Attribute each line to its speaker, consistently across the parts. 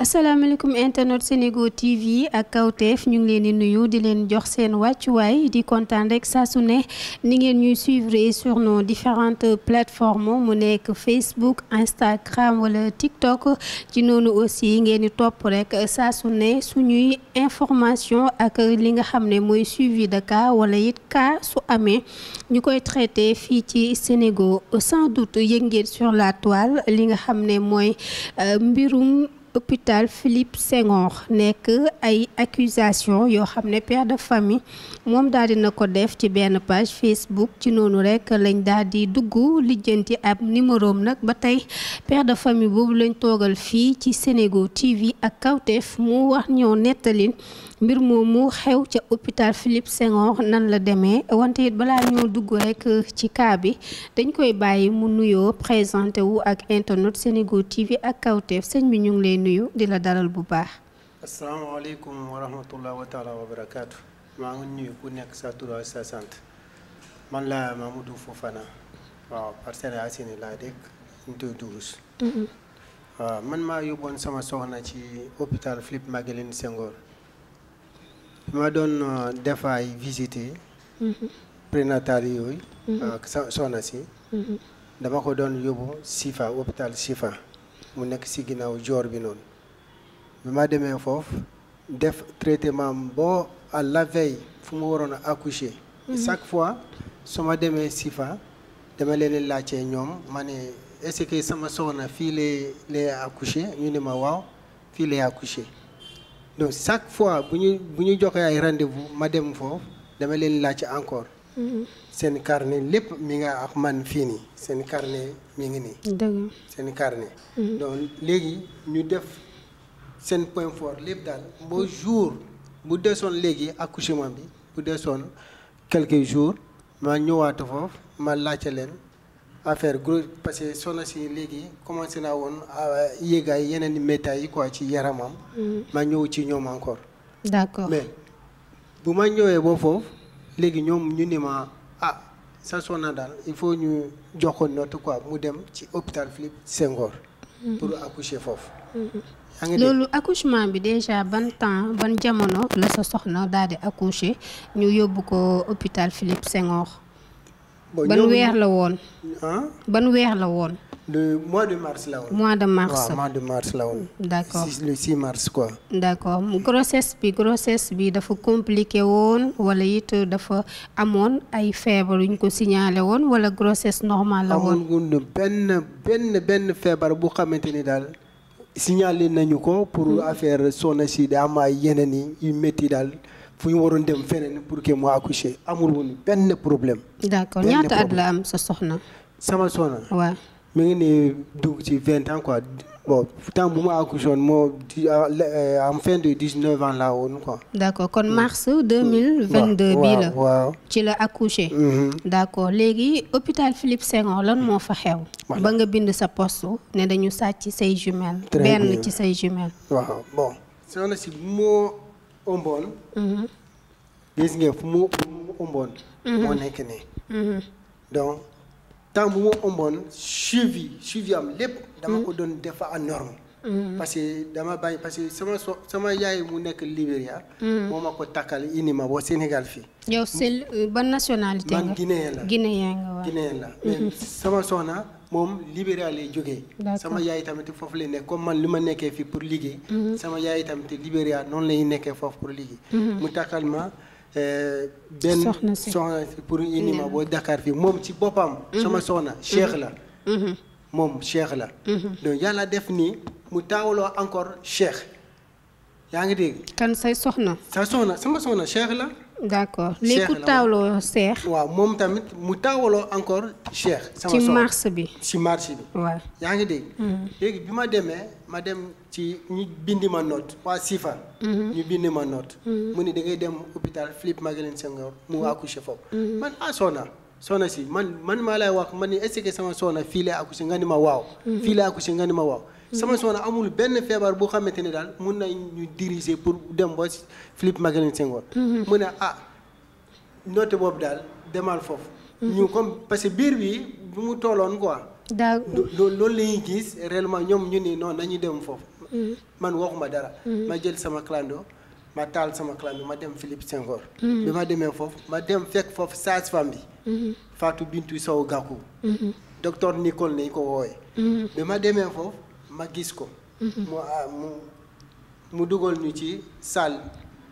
Speaker 1: asalaamaaleykum internet Senego TV ak kawteef ñu ngi leen di nuyu di leen jox seen wàccuwaay di kontaan rek saa su ne ni ngeen ñuy suivre sur nos différentes plateformes mu nekk Facebook Instagram wala TikTok ci noonu aussi ngeen di topp rek saa su ne suñuy information ak li nga xam ne mooy suivi de cas wala it cas su amee ñu koy traité fii ci Senego sans doute yëg ngeen sur la toile li nga xam ne mooy euh, mbirum. hôpital Philippe Senghor nekk ay accusation yoo xam ne père de famille moom daal na ko def ci benn page Facebook ci noonu rekk lañ daal di dugg lijjanti ab numéroom nag ba tey père de famille boobu lañ toogal fii ci senego TV ak kawteef mu wax ñoo nettalin mbir moomu xew ca hôpital Philippe Senghor nan la demee wante it balaa ñoo dugg rek ci kaa bi dañ koy bàyyi mu nuyoo présenté wu ak internet Senego TV ak Kawtef sëñ bi ñu ngi lay nuyu di la daral bu baax.
Speaker 2: asalaamaaleykum wa rahmatulah wa taala maa nga nuyu ku nekk sa tur ak sa sant man la Mamadou Fofana waaw Parcelles Assainies laa dëkk Ndoye Dourousse. Mm-hmm. waaw man maa yóbboon sama soxna ci hôpital Philippe Maguilène Senghor. ma doon euh, def ay visite mhm. prénatal yooyu mhm. ak si mhm. dama ko doon yóbbu Sifa hôpital Sifa mu nekk si ginnaaw joor bi noonu bi ma demee foofu def traitement boo à la veille fu mu waroon a accoucher chaque fois su ma demee Sifa dama leen laajtee ñoom ma ne est-ce sama soxna fii lay lay accoucher ñu ne ma waaw fii lay accoucher donc chaque fois bu ñu bu ñu joxee ay rendez-vous ma dem foofu dama leen laaj encore. Mhm. seen carnet lépp mi nga ak man fii nii seen carnet mi ngi nii. seen carnet. Mhm. donc léegi ñu def seen point fort lépp daal boo mhm. jour bu desoon léegi accouchement bi bu desoon quelque jours ma ñëwaat foofu ma laajte leen. affaire gros parce que soxna si léegi commencé naa woon yéegaay yeneen i métaay yi quoi ci yaramam. Mm-hmm. ma ñëw ci ñoom encore.
Speaker 1: d'accord mais
Speaker 2: bu ma ñëwee ba foofu léegi ñoom ñu ni ma ah sa soxna daal il faut ñu jox ko note quoi mu dem ci hôpital Philippe Senghor. Mm-hmm. pour accoucher foofu.
Speaker 1: Mm-hmm. loolu accouchement bi déjà ban temps ban jamono la sa soxna daal di accoucher ñu yóbbu ko hôpital Philippe Senghor.
Speaker 2: ban weer la woon. ah
Speaker 1: ban weer la woon.
Speaker 2: le mois de mars la woon. mois de mars de mars la woon. d' accord si le 6 mars quoi.
Speaker 1: d' accord bi grossesse bi dafa compliqué woon wala it dafa amoon ay feebar yu ñu ko signalé woon wala grossesse normal la woon.
Speaker 2: amoon benn benn benn feebar bu xamante ni daal signalé nañu ko pour hmm. affaire soxna si daa ay yeneen yi yu métti daal. fu ñu waroon dem feneen pour que mu accoucher amul woon benn problème.
Speaker 1: d' accord ñaata at la am sa soxna. sama soxna. waa
Speaker 2: mu ngi nii dugg ci vingt ans quoi bon temps bu ma accouché woon moo en euh, euh, fin de dix neuf ans laa woon quoi.
Speaker 1: d' accord kon mm. mars mm. mille vingt deux. bii la ci la accouché. Mm-hmm. d' accord léegi hôpital Philippe Senghor lan moo fa xew. ba nga bind sa postu ne dañu sàcc say jumelles. benn ci say jumelles.
Speaker 2: waaw bon. soxna si moo. ëmboon mm-hmm. gis nga fu mu ëmboon mm-hmm. moo nekk nii mm-hmm. donc temps bu mu ëmboon suivi suivi am lépp dama ko doon def à norme parce dama bàyyi parce que sama yaay mu nekk Libéria. moo ma ko takkal indi ma boo Sénégal fii.
Speaker 1: yow euh, ban nationalité nga Guinéen la Guinéen
Speaker 2: la mais soxna. moom libéral lay jógee sama yaay tamit foofu lay nekk comme man li ma nekkee fii pour liggéey mm-hmm. sama yaay tamit libéral noonu lay nekkee foofu pour liggéey mm-hmm. mu takkal ma euh, benn soxna si pour indi boo Dakar fii moom ci boppam mm-hmm. sama soxna Cheikh la moom Cheikh la donc yàlla def nii mu taawaloo encore Cheikh yaa ngi dégg kan say soxna sa soxna sama soxna Cheikh la
Speaker 1: d' accord léegi ku taawloo
Speaker 2: moom tamit mu taawaloo encore Cheikh. sama ci marché bi bi. waaw yaa ngi dégg. Mm-hmm. léegi ma demee ma dem ci bindi ma note waa Sifa. Mm-hmm. ma note. Mm-hmm. mu ne dem hôpital Philippe Maguilène Senghor ah, si man man maa lay wax man est ce sama soxna fii lay si nga ni ma waaw. fii lay accouché nga ni ma waaw. sama soxna amul benn feebar boo xamante ne daal mun nañ ñu diriger pour dem ba Philippe Maguilène Senghor mhm. mu ne ah noote boobu daal demal foofu mhm. ñu comme parce que biir bi mu tooloon quoi daa loolu la ñuy gis réellement ñoom ñu ni noon lañuy dem foofu mhm. man waxuma dara ma jël sama clando ma taal sama clando ma dem Philippe Senghor bi ma demee foofu ma dem fekk foofu sage-femme bi Fatou Bintou Sow Gakou docteur Nicole nañ ko woowee bi ma demee foofu ma gis ko. Mm-hmm. mu ah, mu mu dugal ñu ci salle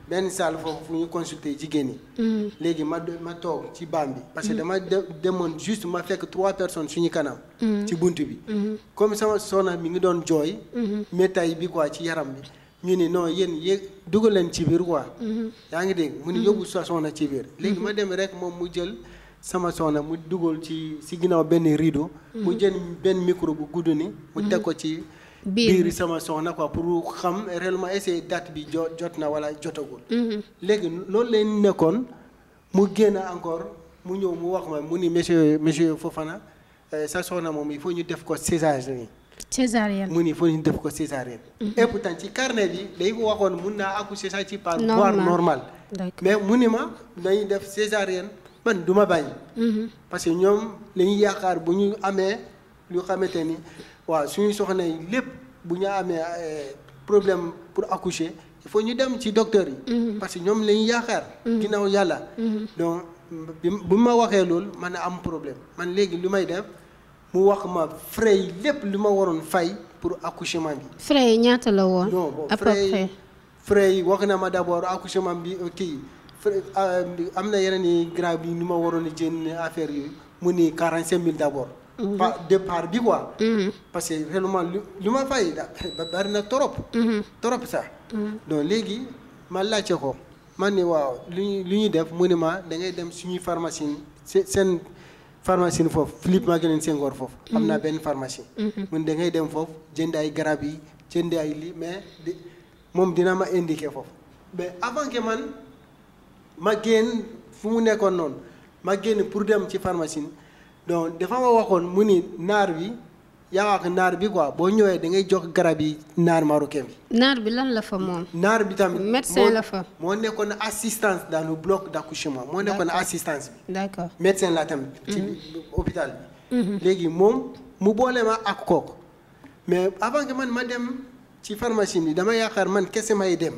Speaker 2: benn salle foofu fu ñu consulter jigéen ñi. Mm-hmm. léegi ma ma toog ci baam bi. parce que mm-hmm. dama demoon juste ma fekk trois personnes suñu kanam. ci bunt bi. comme sama soxna mi ngi doon jooy. métail bi quoi ci yaram bi. ñu ne non yéen yéeg dugal leen ci biir quoi. yaa ngi dégg mu ne yóbbu sa soxna ci biir. léegi ma dem rek moom mu jël. sama soxna mu dugal ci si ginnaaw benn rideau. Mhm. mu jën benn micro bu gudd ni mu teg ko ci.
Speaker 1: Mhm. biir sama
Speaker 2: soxna ko pour xam réellement essayer date bi jo jot na wala jotagul. Mhm. léegi loolu leen nekkoon mu génn encore mu ñëw mu wax ma mu ni monsieur monsieur Fofana euh, sa soxna moom il faut ñu def ko césarienne. césarienne mu ni il ñu def ko césarienne. et pourtant ci carnet bi day waxoon mun naa accoucher sax ci par voie normale mais mu ni ma dañuy def césarienne. man du ma bañ. Mm-hmm. parce que ñoom la ñuy yaakaar bu ñu amee lu xamante ni waaw suñu soxna yi lépp bu ñu amee eh, problème pour accoucher il faut ñu dem ci docteur yi. Mm-hmm. parce que ñoom la ñuy yaakaar. Mm-hmm. ginnaaw yàlla. donc bu ma waxee loolu man a am problème man léegi lu may def mu wax ma frais yi lépp lu ma waroon fay pour accouchement bi.
Speaker 1: frais yi ñaata la woon. à frais
Speaker 2: yi wax na ma d' accouchement bi euh, kii. Euh, am na yeneen i grave yi ni ma waroon a jënd affaire yooyu mu ni quarante cinq mille d' abord. Mhm. pas départ bi quoi. Mhm. parce que réellement lu lu ma fay bari na trop. Mhm. trop sax. donc léegi man laajte ko man ni waaw lu ñuy lu ñuy def mu ne ma da ngay dem suñuy pharmacie seen pharmacie foofu Philippe Maguilène Senghor foofu. am naa benn pharmacie. mun da ngay dem foofu jënd ay garab yi jënd ay lii mais moom dina ma indiqué foofu mais avant que man. ma génn fu mu nekkoon noonu ma génn pour dem ci pharmacie donc dafa ma waxoon mu ni naar bi yaa wax naar bi quoi boo ñëwee da ngay jox garab yi naar marocain bi.
Speaker 1: naar bi lan la fa moom. naar bi tamit médecin la fa.
Speaker 2: moo nekkoon assistance dans le bloc d' accouchement moo nekkoon assistance
Speaker 1: bi. d' accord
Speaker 2: médecin la tamit. ci mhm. hôpital bi. Mhm. léegi moom mu boolee ma ak kooku mais avant que man ma dem ci pharmacie bi dama yaakaar man kese may dem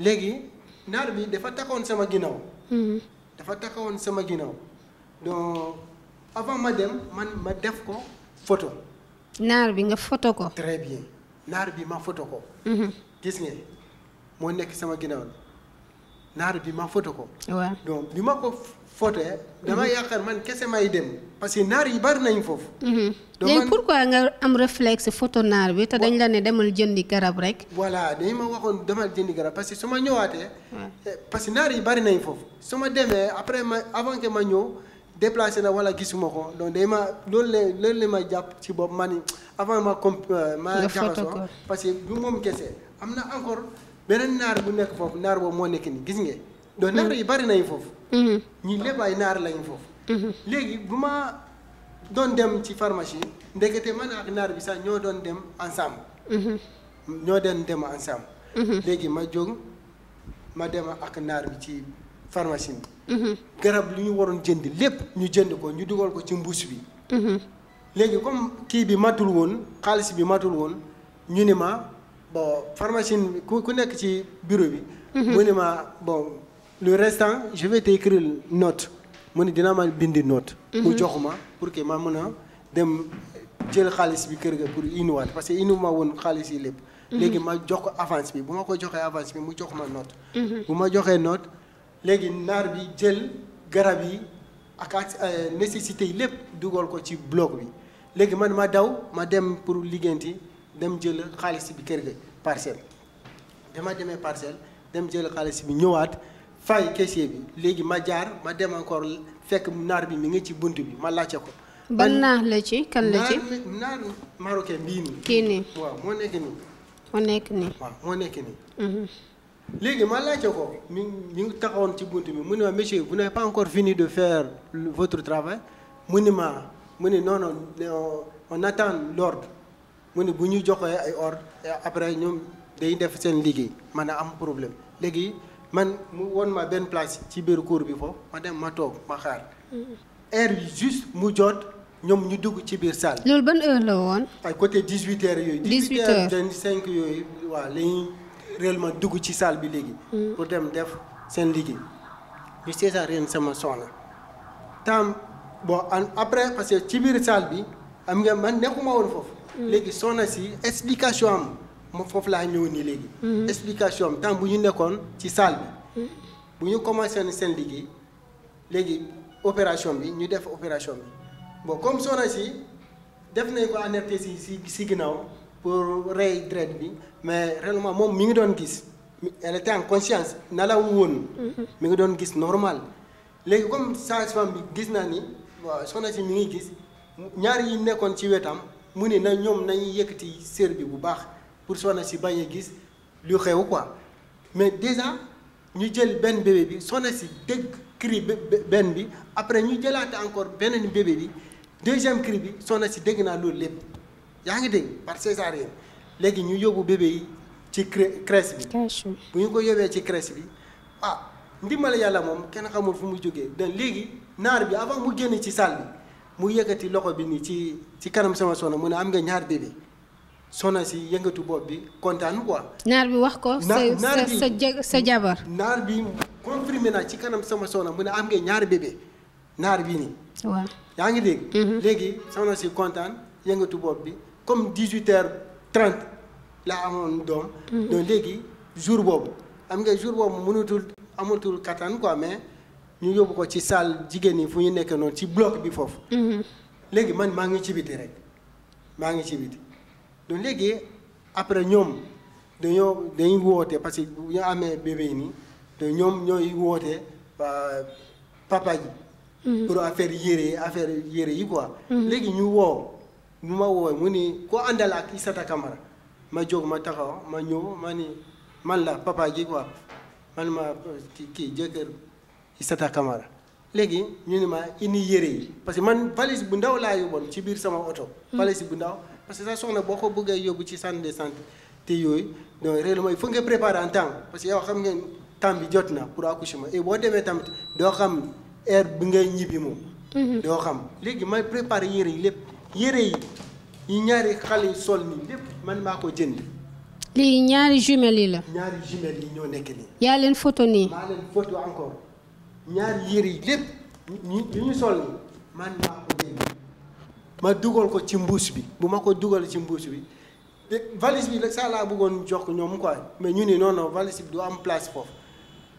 Speaker 2: léegi. naar bi dafa takkoon sama ginnaaw. Mhm. dafa takkoon sama ginnaaw donc avant ma dem man ma def ko photo.
Speaker 1: naar bi nga photo ko. très
Speaker 2: bien naar bi ma photo ko. Mhm. gis ngeen moo nekk sama ginnaaw. naar bi ma foto ko. waaw donc bi ma ko fotee. dama mhm. yaakaar man kese may dem. parce que naar yi bari nañu foofu.
Speaker 1: Mhm. donc pour pourquoi nga am réflexe photo naar bi te dañ la ne demal jëndi garab rek.
Speaker 2: voilà dañ ma waxoon demal jëndi garab parce que su ma ñëwaatee. Eh, parce que naar yi bari nañ foofu. su ma demee après ma avant que ma ñëw déplacé na wala gisuma ko donc day ma loolu la ma jàpp ci bopp ma ni avant ma comp euh, ma. jaxasoo parce que moom kese am na encore. beneen naar bu nekk foofu naar boobu moo nekk nii gis ngeen. donc naar yi bari nañu foofu. Mhm. ñii lépp ay naar lañu foofu. Mhm. léegi bu ma doon dem ci pharmacie ndekete man ak naar bi sax ñoo doon dem ensemble. Mhm. ñoo doon dem ensemble. léegi ma jog ma dem ak naar bi ci pharmacie bi. garab lu ñu waroon jënd lépp ñu jënd ko ñu dugal ko ci mbuus bi. léegi comme kii bi matul woon xaalis bi matul woon ñu ni ma. bon pharmacien bi ku ku nekk ci bureau bi. Mhm. mu ne ma bon lu restant je vais t'écrire note mu ne dina ma bindi note. mu mhm. jox ma pour ki ma mën a dem jël xaalis bi kër gi pour innuwaat parce que innu ma woon xaalis yi lépp. Mhm. léegi ma jox ko avance bi bu ma ko joxee avance bi mu jox ma note. bu ma joxee not léegi naar bi jël garab yi ak euh, nécessité yi lépp dugal ko ci bloc bi léegi man ma daw ma dem pour liggéenti dem jël xaalis bi kër ga parcelle bi ma demee parcelle dem jël xaalis bi ñëwaat fay caissier bi léegi ma jaar ma dem encore fekk naar bi mu ngi ci bunt bi ma laajte ko.
Speaker 1: ban naar la ci kan la ci
Speaker 2: naar marocain bii nii. kii nii waaw moo nekk nii. moo nekk nii mhm. léegi ma laajte ko mi mi ngi ci bunt bi mu ne ma de faire votre travail mu ne ma ne non non mu ne bu ñu joxee ay ordre après ñoom day def seen liggéey man a am problème léegi man mu woon ma benn place ci biir cour bi foofu ma dem ma toog ma xaar mm-hmm. heure yi juste mu jot ñoom ñu dugg ci biir salle. loolu
Speaker 1: ban heure la woon.
Speaker 2: ay côté dix yooyu. dix huit heures vingt yooyu waaw la ñuy dugg ci salle bi léegi. Mm-hmm. pour dem def seen liggéey. ñu seetaan ren sama temps bo bon après parce que ci biir salle bi am nga man nekkuma woon foofu. Mm. léegi soxna si explication am foofu laa ñëw nii léegi. Mm. explication am bu ñu nekkoon ci salle bi. Mm. bu ñu commencé seen liggéey léegi opération bi ñu def opération bi bon comme soxna si def nañ ko anesthésie si si ginnaaw pour rey dret bi mais réellement moom mu ngi doon gis. elle était en conscience nalaw woon. Mm-hmm. mi ngi doon gis normal. léegi comme changement bi gis naa ni waaw soxna si mi ngi gis ñaar yi nekkoon ci wetam. mu ne na ñoom nañuy yëkkati sër bi bu baax pour soxna si bañ gis lu xew quoi mais déjà ñu jël benn bébé bi soxna si dëgg cri benn bi après ñu jëlaate encore beneen bébé bi deuxième cri bi soxna si dégg naa loolu lépp yaa ngi dégg par césarienne léegi ñu yóbbu bébé yi ci crèche bi bu ñu ko yóbbee ci crèche bi ah ndimbal yàlla moom kenn xamul fu mu jógee dan léegi naar bi avant mu génn ci salle bi mu yëkkati loxo bi nii ci ci kanam sama soxna mu ne am nga ñaar bébé soxna si yëngatu bopp bi kontaan ko
Speaker 1: naar bi wax ko. sa sa sa jabar.
Speaker 2: naar bi confirmé na ci kanam sama soxna mu ne am nga ñaar bébé naar bii nii. waaw yaa ngi dégg. Mhm. léegi soxna si kontaan yëngatu bopp bi comme dix-huit heures laa amoon doom. Mhm. donc léegi jour boobu am nga jour boobu mënatul amatul kattan quoi mais. ñu yóbbu ko ci salle jigéen ñi fu ñu nekkee noonu ci bloc bi foofu. Mhm. léegi man maa ngi ci biti rek maa ngi ci biti donc léegi après ñoom dañoo dañu woote parce que bu ñu amee bébé yi nii te ñoom ñooy woote papa ji. Mhm. pour affaire yére affaire yére yi ko mhm. léegi ñu woo ñu ma woo mu ni ko àndal ak Issata Camara ma jóg ma taxaw ma ñëw ma man la papa ji quoi man ma kii jëkkër. Issata Kamara léegi ñu ne ma indi yére yi parce que man valise bu ndaw laa yóbboon ci biir sama oto. Hmm. valise bu ndaw parce que sa soxna boo ko bëggee yóbbu ci centre de santé te yooyu donc réellement mooy faut nga préparer en temps parce que yow xam ngeen temps bi jot na pour accouchement et boo demee tamit doo xam heure bi ngay ñibbi moom. Hmm. doo xam léegi may préparer yére yi lépp yére yi ñaari xale yi sol nii lépp man maa ko jënd.
Speaker 1: léegi ñaari jumelles yi la.
Speaker 2: ñaari jumelles yi ñoo nekk ñaar yére yi lépp ñu ñu ñu sol man maa ko dégg ma dugal ko ci mbuus bi bu ma ko dugal ci mbuus bi te valise bi saa laa bëggoon jox ko ñoom quoi mais ñu ne non non valise bi am place foofu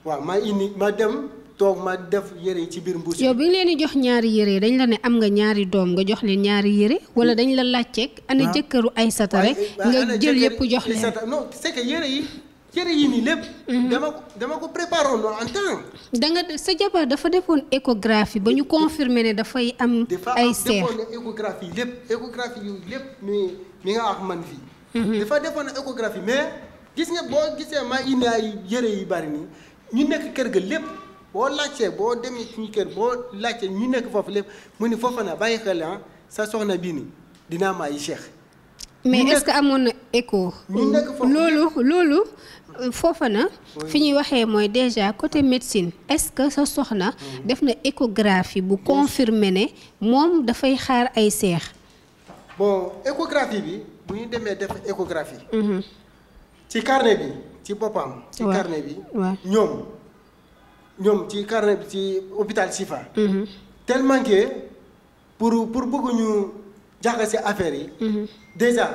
Speaker 2: waaw ma indi ma dem toog ma def yére yi ci biir mbuus bi.
Speaker 1: yow bi nga leen di jox ñaari yére dañ la ne am nga ñaari doom nga jox leen ñaari yére wala hmm. dañ la laajteeg. ana jëkkëru ay rek. nga jël yëpp jox
Speaker 2: leen yi. cere yi nii lépp. Mhm. dama ko dama ko préparé woon en temps.
Speaker 1: da nga sa jabar dafa defoon échographie ba ñu confirmer ne dafay am. ay seer dafa defoon
Speaker 2: échographie lépp échographie yu lépp mi mi nga wax man fii. Mhm. dafa defoon échographie mais gis nga boo gisee ma indi ay yére yu bari nii ñu nekk kër gi lépp boo laajtee boo demee suñu kër boo laajtee ñu nekk foofu lépp mu ni foofa na bàyyi xel ah sa soxna bii nii dina am ay seex.
Speaker 1: mais est-ce que amoon na éco ñu foofa na fi ñuy waxee mooy déjà côté médecine est-ce que sa soxna def na échographie bu confirmer ne moom dafay xaar ay seex
Speaker 2: bon échographie bi bu ñu demee def échographie mhm. ci carnet bi ci boppam ci carnet bi ñoom ñoom ci carnet bi ci hôpital Sifa mhm. tellement pour pour bëgguñu jaxase affaire yi mhm. déjà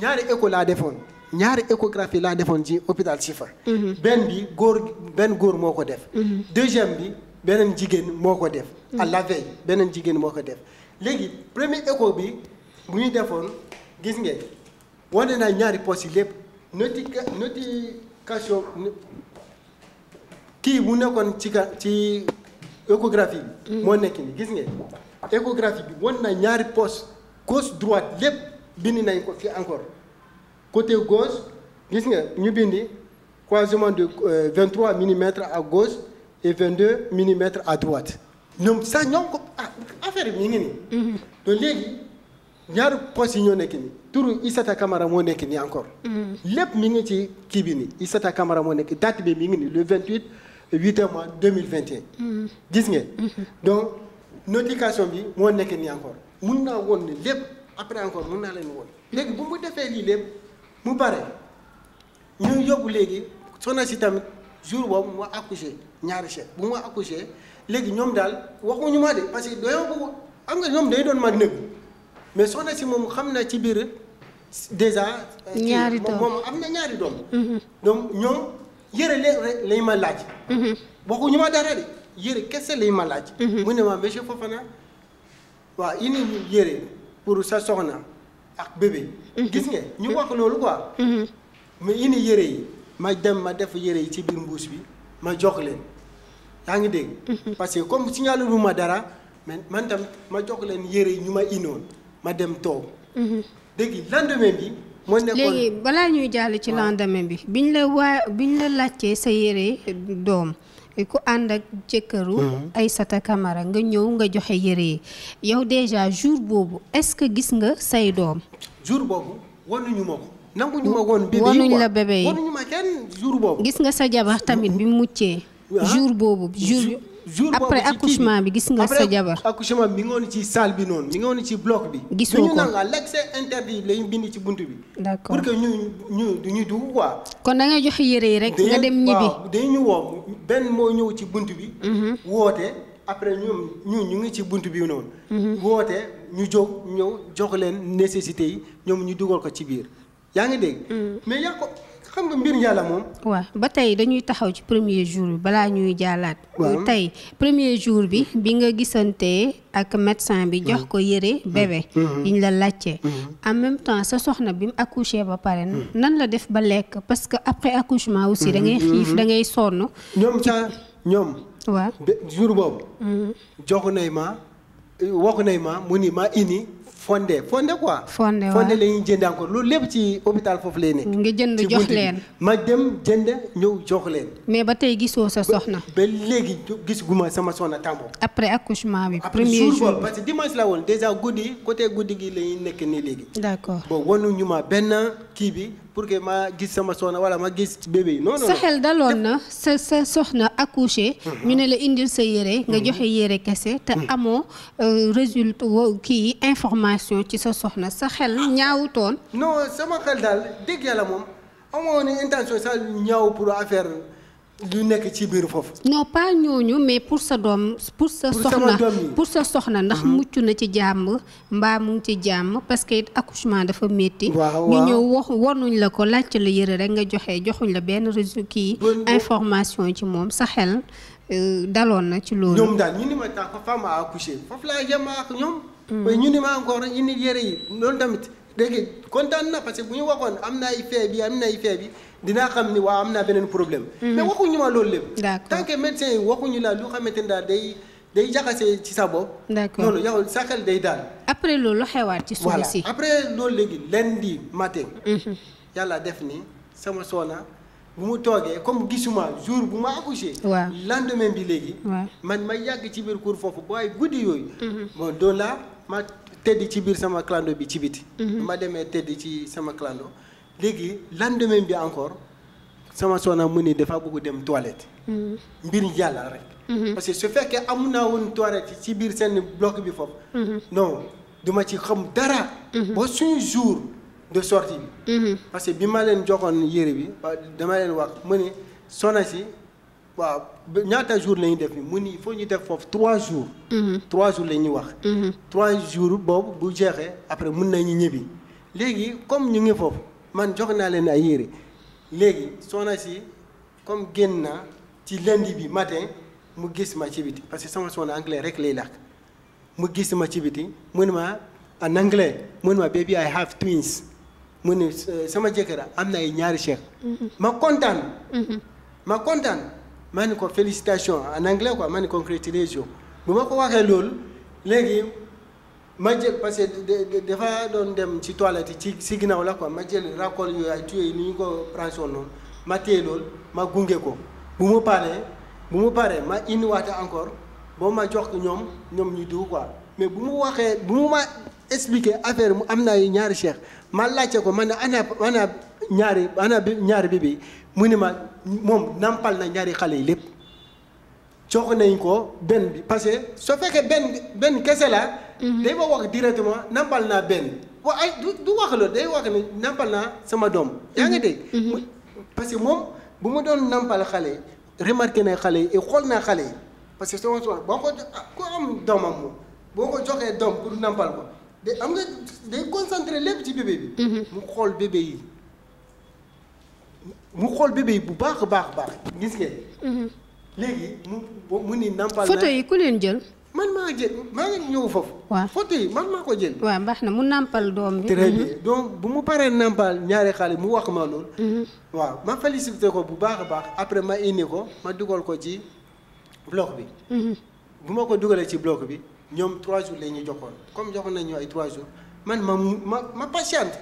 Speaker 2: ñaari écho laa defoon ñaari échographie laa defoon ci hôpital Chifa. Mhm. benn bi góor benn góor moo ko def. Mhm. deuxième bi beneen jigéen moo ko def. Mhm. à la veille beneen jigéen moo ko def léegi premier écho bi bu ñu defoon gis ngeen wane naa ñaari poches yi lépp notica notification kii bu nekkoon ci ka ci échographie moo nekk gis ngeen bi wan na ñaari poches gauche droite lépp bind nañ ko fi encore. côté gauche gis nga ñu bindi quasiment de 23 euh, millimètres à gauche et 22 millimètres à droite ñoom sax ñoo ko ah, affaire bi ñu ngi nii. Mm-hmm. donc léegi ñaari postes yi ñoo nekk nii turu Issata Camara moo nekk nii encore. Mm-hmm. lépp mi ngi ci kii bi nii Issata Camara moo nekk date bi mi ngi nii le 28 8 mois 2021. Mm-hmm. gis ngeen. donc notification bi moo nekk nii encore mun naa woon ne lépp après encore mun naa leen woon léegi bu mu defee lii lépp. mu pare ñu yóbbu léegi soxna si tamit jour boobu mu accouché ñaari chèque bu mu accouché léegi ñoom daal waxuñu ma de parce que dañoo bëgg am nga ñoom day doon ma nëbb mais soxna si moom xam na ci biir déjà. Euh, ñaari doom moom am na ñaari doom. Mm-hmm. donc ñoom yëre lee lay ma laaj. Mm-hmm. waxuñu ma dara de yëre kese lay ma laaj. Mm-hmm. mu ne ma monsieur Fofana waaw indi yëre pour sa soxna. ak bébé. Mhm. gis nga ñu mhm. wax loolu ko mhm. ma indi yére yi ma dem ma def yére yi ci biir mbuus bi ma jox leen yaa ngi dégg. parce que comme signalé bu ma dara man man tam ma jox leen yére yi ñu ma indoon ma dem toog. dégg lendemain bi. moo nekkoon léegi
Speaker 1: balaa ñuy jàll ci lendemain bi bi ñu la waa ñu la laajtee sa yére doom. ku ànd ak jëkkëru Aïssata Camara nga ñëw nga joxe yëre yi yow déjà jour boobu est-ce que gis nga say doom
Speaker 2: jour boobu wanuñu la bébé
Speaker 1: gis nga sa jabar tamit bi muccee ah. jour boobu jour jour boobu après accouchement bi gis nga sa jabar.
Speaker 2: accouchement mi ngoon ci salle bi noonu mi ngoon ci bloc bi. gisoo ko ñu naan ci buntu bi. d'accord pour que ñu ñu dugg quoi.
Speaker 1: kon da nga yére yi rek. nga dem ñibbi
Speaker 2: dañu ñu benn moo ñëw ci bunt bi. Mm-hmm. woote après ñu ñu ngi ci buntu bi noonu. Mm-hmm. woote ñu jóg ñëw jox leen nécessité yi ñoom ñu dugal ko ci biir yaa ngi dégg. Mm. mais yaa ko. xam nga mbir yàlla moom.
Speaker 1: waaw ba tey dañuy taxaw ci premier jour bi balaa ñuy jàllaat. tey premier jour bi bi nga gisante ak médecin bi jox ko yëre mm. bébé. Mm. Mm. yiñ la laajte. en même temps sa soxna bi mu accouché ba pare. nan la def ba lekk parce que après accouchement aussi dangay xiif da ngay sonn.
Speaker 2: ñoom ca ñoom. waaw jour nay ma wax nay ma mu ni ma ini. fonde fonde quoi. fonde waaw fonde la ñuy jënd encore loolu lépp ci hôpital foofu lay nekk. nga
Speaker 1: jënd jox leen
Speaker 2: ma dem jënd ñëw jox leen.
Speaker 1: mais ba tey gisoo sa soxna.
Speaker 2: ba léegi gis ma sama soxna tàmboo.
Speaker 1: après accouchement bi. premier jour parce
Speaker 2: que dimanche la woon déjà guddi côté guddi gi la ñuy nekk nii léegi. d'accord bon wanu ñu ma benn kii bi. pour que ma gis sama soxna wala ma gis bébé yi. non non sa xel
Speaker 1: daloon na sa sa soxna accouché. Mhm. ñu ne la indil sa yére. nga mhm. joxe yére kese te mhm. amoo euh, résultat kii information ci sa soxna sa xel ñaawutoon.
Speaker 2: non sama xel daal dégg yàlla moom amoon intention sax ñaaw pour affaire. ñu nekk ci biir foofu.
Speaker 1: non pas ñooñu mais pour sa doom pour sa. soxna pour sa soxna ndax mhm. mucc na ci jàmm mbaa mu ngi ci jàmm parce que it accouchement dafa métti. ñu ñëw wax la ko laajte la yëre rek nga joxe joxuñ la benn réseau kii. information ci moom sa xel euh, daloon na ci loolu. ñoom daal
Speaker 2: ñu ni ma tant que femme a foofu laa yem ak ñoom. Mm. ñu ni ma encore indi yëre yi loolu tamit dégg kontaan na parce que bu ñu waxoon am na ay fee bi am na ay fee dinaa xam ni waa am naa beneen problème. Mm-hmm. mais waxuñu ma loolu lépp. d'accord tant que médecin yi waxuñu la lu xamante ni daal day day jaxase ci sa bopp. d'accord loolu yow sa xel day daal.
Speaker 1: après loolu xewaat ci suuf si
Speaker 2: après loolu léegi lundi matin. Mm-hmm. yàlla def ni sama soxna bu mu toogee comme gisuma jour bu ma accouché. waaw lendemain bi léegi. man may yàgg ci biir cour foofu waaye guddi yooyu. Mm-hmm. bon doon laa ma tëdd ci biir sama clando bi ci biti. ma demee tëdd ci sama clando. léegi lendemain bi encore sama soxna mu ni dafa bëgg dem toilette. Mm-hmm. mbir yàlla rek. Mm-hmm. parce que su fekkee amu naa woon toilette ci biir seen bloc bi foofu. Mm-hmm. non duma ci xam dara. ba suñu jour de sortie bi. parce que bi ma leen joxoon yére bi dama leen wax mu ne soxna si waaw ñaata jour la ñuy def ni mu ni il faut ñu def foofu trois jours. trois jours la ñuy wax. trois jours boobu bu jeexee après mun nañu ñibbi léegi comme ñu ngi foofu. man jox naa leen ay yére léegi soxna si comme génn naa ci lundi bi matin mu gis ma ci biti parce que sama soxna anglais rek lay làkk mu gis ma ci biti mu ne ma en anglais mu ma baby I have twins mu sama jëkkër am na ay ñaari cheikh mm-hmm. ma kontaan mm-hmm. ma kontaan ma ne ko félicitation en anglais quoi ma ne congratulation bu ma ko waxee loolu léegi ma jël parce que dafa doon dem ci toilette ci si ginnaaw la quoi ma jël raccord yooyu ay tuyaux yi ni ñu ko ranson noonu ma téye ma gunge ko bu mu paree bu mu paree ma indiwaate encore boo ma jox ñoom ñoom ñu diw quoi mais bu mu waxee bu mu ma expliquer affaire mu am na ñaari cheikh ma laajte ko ma ne ana ana ñaari ana bi bi bi mu ni ma moom nampal na ñaari xale yi lépp jox nañ ko benn bi parce que soo fekkee benn benn kese la. Mhm. day ma wax directement nampal naa benn wa ay du du wax loolu day wax ne nampal naa sama doom. yaa ngi mhm. dégg. Mhm. parce que moom bu ma doon nampal xale remarqué na xale yi et xool naa xale yi parce que sama soxna boo ko ah, ku am doomam moom boo ko joxee doom pour nampal ko de am nga day concentré lépp ci bébé bi. mu xool bébé yi mu xool bébé yi bu baax baax baax gis ngeen. léegi mu mu ni nampal na yi ku leen jël. man maa jël maa ngi ñëw foofu. waaw photo yi man maa ko jël.
Speaker 1: waaw baax na mu nampal doom bi. très mhm. bien
Speaker 2: donc bu mu paree nampal ñaari xale mu wax ma loolu. Mhm. waaw ma félicité ko bu baax a baax après ma indi ko ma dugal ko ci bloc bi. Mhm. bu ma ko dugalee ci bloc bi ñoom trois jours la ñu joxoon comme joxoon nañu ay trois jours man ma ma ma patiente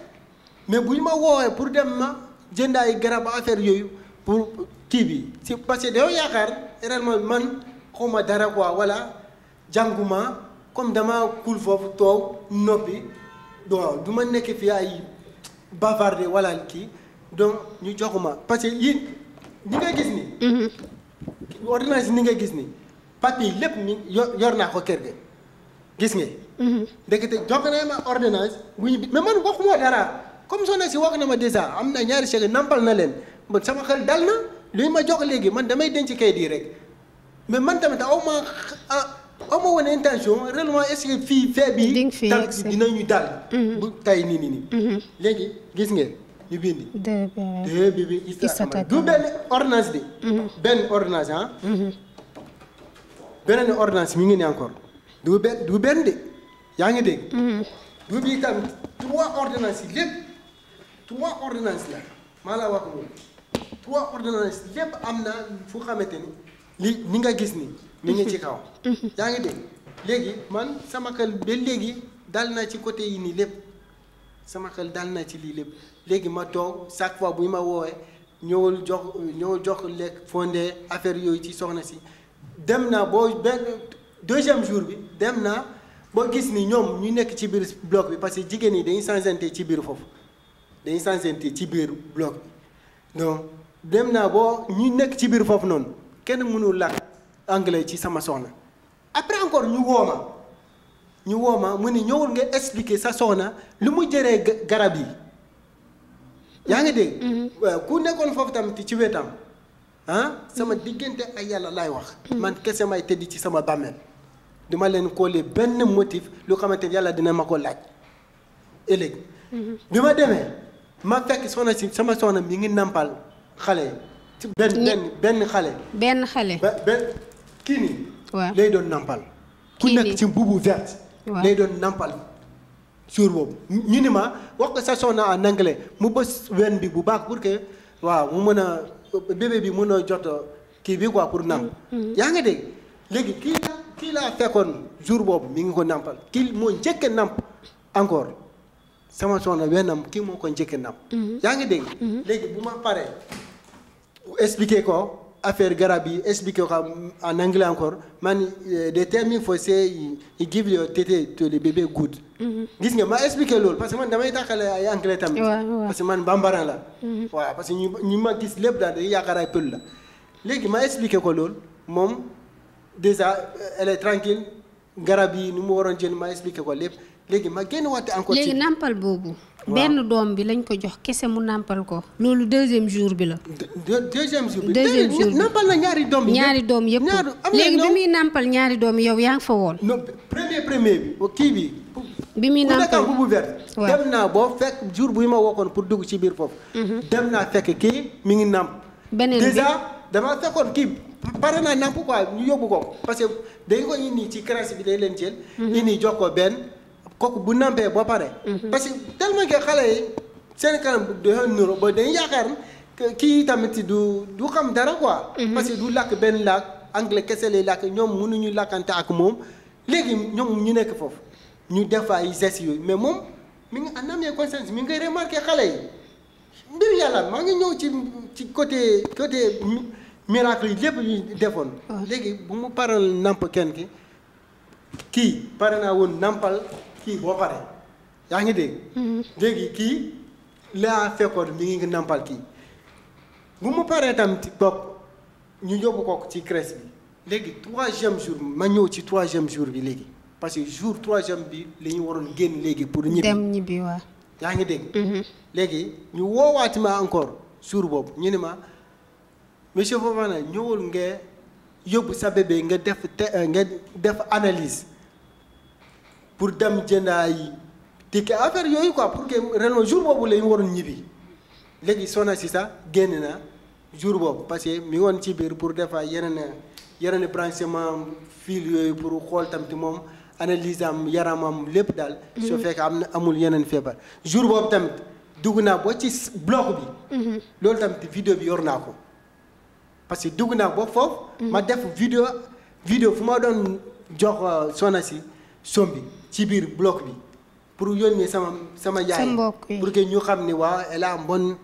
Speaker 2: mais bu ñu ma woowee pour dem ma jënd ay garab affaire yooyu. pour kii bi si parce que dañoo yaakaar réellement man xawma dara quoi wala jànguma comme dama kul foofu toog noppi bon duma nekk fii ay bavarde wala kii donc ñu joxuma parce que yi ni nga gis ni mhm. ordonnance ni nga gis ni papier lépp ni yor naa ko kër ga gis nga mhm. ndekete jox na ma ordonnance bu ñu mais man waxuma dara comme soo ne si wax na ma déjà am na ñaari chèque nampal na leen man sama xel dal na li ma jox léegi man damay denc kayit yi rek mais man tamit aw ma ah, aw ma woon intention réellement est-ce que fii fee bi tànk dinañu dal mhm. bu tay nii nii nii mhm. léegi gis ngeen ñu bindi de bébé Issa du benn ordonnance de mhm. benn ordonnance ah beneen ordonnance mi ngi ne encore du benn du yaa ngi dégg du bii tamit trois ordonnances lépp trois ordonnances la maa la wax loolu trois ordonnances lépp am na fu xamante ni li li nga gis ni mi ngi ci kaw yaa ngi dégg léegi man sama xel ba léegi dal na ci côté yi nii lépp sama xel dal na ci lii lépp léegi ma toog chaque fois bu ma woowee ñëwul jox ñëwul jox lekk fonde affaire yooyu ci soxna si dem naa boo benn deuxième jour bi dem naa boo gis ni ñoom ñu nekk ci biir bloc bi parce que jigéen ñi dañuy changente ci biir foofu dañuy changente ci biir bloc donc dem naa boo ñu nekk ci biir foofu noonu kenn mënul làkk anglais ci sama soxna après encore ñu wooma ñu wooma mu ni ñëwul nga expliquer sa soxna lu mu jëree garab yi yaa ngi dégg mm-hmm. ku nekkoon foofu tamit ci wetam ah sama diggante ak yàlla laay wax mm-hmm. man kese may tëdd ci sama bàmmeel duma leen koolee benn motif lu xamante yàlla dina ma ko laaj ëllëg mm-hmm. bi ma demee ma fekk soxna si sama soxna mi ngi nampal xale. ci benn benn benn xale.
Speaker 1: benn xale. ba
Speaker 2: benn kii nii. lay doon nampal. ku nekk ci mbubu verte. lay doon nampal jour boobu. ñu ni ma wax ko sa soxna en anglais mu bës wenn bi bu baax pour que waaw mu mën a bébé bi mën a jot kii bi quoi pour namp. Mm, mm. yaa ngi dégg léegi kii laa kii laa fekkoon jour boobu mi ngi ko nampal kii moo njëkk a namp encore. sama soxna wennam kii moo ko njëkk nam mhm. yaa ngi dégg mhm. léegi bu ma paree expliquer ko affaire garab yi expliquer ko en anglais encore man de term il faut c'est i give your tete to bébé good mhm. gis nga ma expliquer loolu parce que man damay tàqale ay anglais tamit parce que man bambara la waaw parce que ñu ñu ma gis lépp daal day yaakaar ay pël la léegi ma expliquer ko loolu moom déjà elle tranquille garab yi ni mu waroon jël ma expliquer ko lépp léegi ma génn waate encore léegi
Speaker 1: nàmpal boobu benn doom bi lañ ko jox kese mu nàmpal ko loolu deuxième
Speaker 2: jour bi la deuxième jour bi deuxième jour bi nàmpal ñaari doom ñaari
Speaker 1: doom yëpp léegi bi muy ñaari doom yow yaa ngi fa woon
Speaker 2: premier premier bi kii bi
Speaker 1: bi muy nàmpal bu
Speaker 2: bu verte dem naa boo fekk jour bu ma wokkoon pour dugg ci biir foofu mhm. dem ngi nàmp beneen bi déjà dama fekkoon kii pare naa nàmp quoi ñu yóbbu ko parce que dañ ko indi ci crèche bi day leen jël mhm. indi jox ko benn kooku bu nampee ba pare. Mhm. parce que tellement que xale yi seen kanam dafa nuro ba dañuy yaakaar kii tamit du du xam dara quoi. Mhm. parce que du lakk benn làkk anglais kese lay làkk ñoom mënuñu làkkante ak moom léegi ñoom ñu nekk foofu ñu def ay gestes yooyu mais moom mi ngi am en amee conscience mi ngi koy xale yi mbir yàlla maa ngi ñëw ci ci côté côté miracle yi lépp ñu defoon. léegi bu mu paral namp kenn ki kii pare naa woon nampal. kii boo pare yaa ngi dégg. Mm-hmm. léegi kii laa fekkoon mi ngi nampal ki bu mu paree tamit boog ñu yóbbu ko ci crèche bi léegi troisième jour ma ñëw ci troisième jour bi léegi parce que jour troisième bi la ñu waroon génn léegi pour. ñibbi dem ñibbi waaw. yaa ngi dégg. Mm-hmm. léegi ñu woowaati ma encore jour boobu ñu ne ma monsieur Fofana ñëwul nga yóbbu sa bébé nga def te def analyse. pour dem jënd ay ticket affaire yooyu quoi pour que ren boobu la ñu waroon ñibbi léegi soxna si sax génn na jour parce que mi woon ci biir pour defa yeneen yeneen branchement fil yooyu pour xool tamit moom analyse am yaramam lépp daal. Mhm. su fekkee am na amul yeneen feebar. jour boobu tamit dugg naa ba ci bloc bi. Mhm. loolu tamit vidéo bi yor naa ko parce que dugg naa ba foofu. Mhm. ma def vidéo vidéo fu ma doon jox euh, sonasi si sombi ci biir bloc bi pour yónnee sama sama yaay pour que ñu xam ni waa elle a bon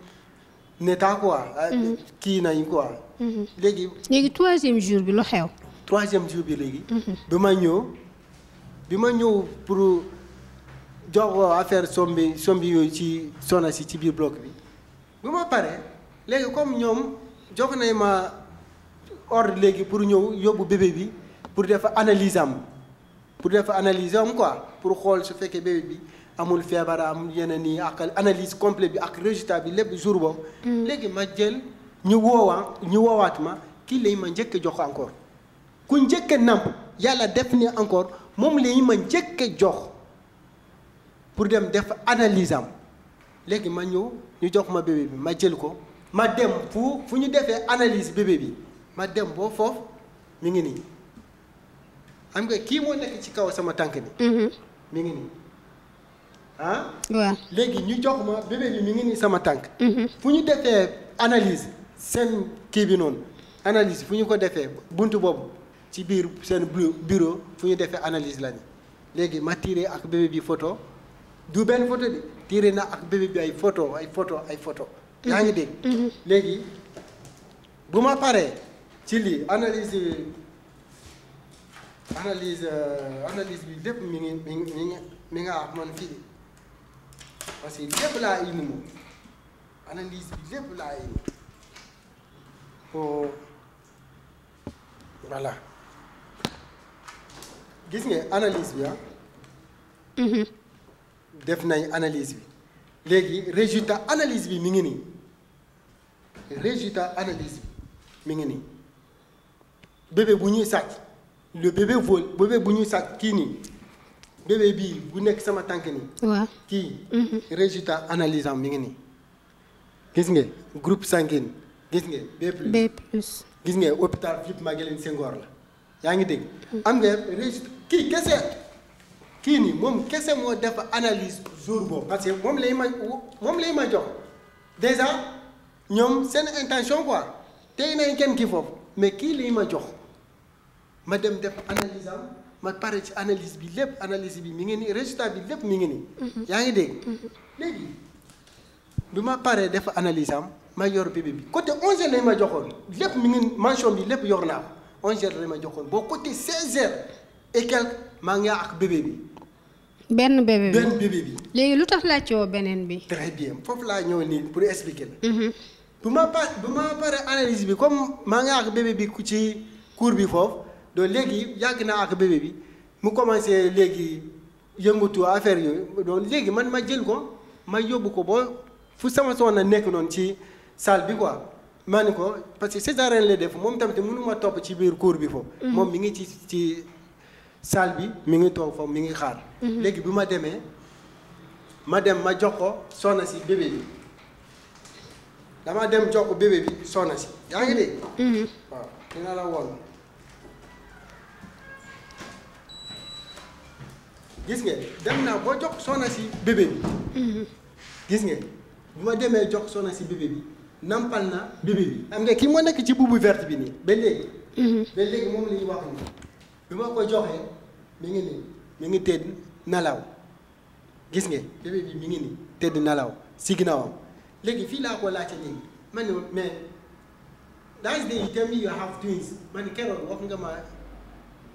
Speaker 2: état quoi ah, mhm. kii nañ quoi mhm. léegi
Speaker 1: léegi troisième jour bi lu xew
Speaker 2: troisième jour bi léegi mhm. bi ma ñëw bi ma ñëw pour jox ko affaire sombi sombi yooyu ci sona si ci biir bloc bi bi ma paree léegi comme ñoom jox nañ ma ordre léegi pour ñëw yóbbu bébé bi pour def analyse am pour def analyse am quoi pour xool su fekkee bébé bi amul feebar yeneen yi ak analyse complète bi ak résultat bi lépp jour boobu. Mm. léegi ma jël ñu woowaa ñu woowaat ma kii lay ma njëkk a jox encore ku njëkk a namp yàlla def ni encore moom lay ma njëkk a jox pour dem def analyse am léegi ma ñëw ñu jox ma bébé bi ma jël ko ma dem fu fu ñu defee analyse bébé bi ma dem boo foofu mi ngi nii. xam nga kii moo nekk ci kaw sama tànk bi. Mhm. mi ngi nii ah. waaw léegi ñu jox ma bébé bi mi ngi nii sama tànk. Mhm. fu ñu defee analyse seen kii bi noonu analyse fu ñu ko defee bunt boobu ci biir seen bureau fu ñu defee analyse la ni léegi ma tiré ak bébé bi photo du benn photo bi tiré na ak bébé bi ay photo ay photo ay photo yaa ngi mhm. dégg. léegi bu ma paree ci lii analyse. analyse euh, analyse bi lépp mi ngi mi mi ngi mi nga wax man fii parce que lépp laa indi moom analyse bi lépp laa indi ko voilà gis nga analyse bi ah. Mhm. def nañ analyse bi léegi résultat analyse bi mi ngi nii résultat analyse bi mi ngi nii bébé bu ñuy sàcc. le bébé vol bébé bu ñuy sàkk kii nii bébé bi bu nekk sama tànk nii. waaw kii. Mhm. résultat analyse am mi ngi nii. gis ngeen groupe sanguin gis ngeen B plus. gis ngeen hôpital Philippe Maguilène Senghor la yaa ngi dégg. am nga résultat kii kese kii nii moom kese moo def analyse jour boobu. parce que moom lay ma moom lay ma jox déjà ñoom seen intention quoi tey nañ kenn kii foofu mais kii lay ma jox. ma dem def analyse am ma pare ci analyse bi lépp analyse bi mi ngi nii résultat bi lépp mu ngi nii. Mhm. yaa ngi dégg. Mhm. léegi bi ma pare def analyse am ma yor bébé bi côté 11 ma joxoon lépp mi ngi mention bi lépp yor naa ko ma joxoon boo côté 16h maa ngi ak bébé bi. benn bébé bi bi.
Speaker 1: léegi lu tax laajte woo bi.
Speaker 2: très foofu laa ñëw nii pour expliquer la. Mhm. bu bi comme maa ngi ak bébé bi ci cours bi foofu. donc léegi yàgg naa ak bébé bi mu commencé léegi yëngatu affaire yooyu donc léegi man ma jël ko ma yóbbu ko ba fu sama soxna nekk noonu ci salle bi quoi maa ni ko parce que césarienne la def moom tamit mënu ma topp ci biir cour bi foofu. Mm-hmm. moom mi ngi ci ci salle bi mi ngi toog foofu mi ngi xaar. Mm-hmm. léegi bi ma demee ma dem ma jox ko soxna si bébé bi damaa dem jox ko bébé bi soxna si yaa ngi dégg. Mm-hmm. waaw dina la woon. gis nga dem naa boo jox soxna si bébé bi gis ngeen bu ma demee jox soxna si bébé bi nampal na bébé bi am nga ki moo nekk ci buubu vert bi nii ba léegi ba léegi moom la ñuy wax bi ma ko joxee mi ngi mi ngi tëdd nalaw gis ngeen mi ngi nii tëdd nalaw si ginnaawam léegi fii laa ko laajte léegi man ne mais that's the you tell me you have twins man keroog wax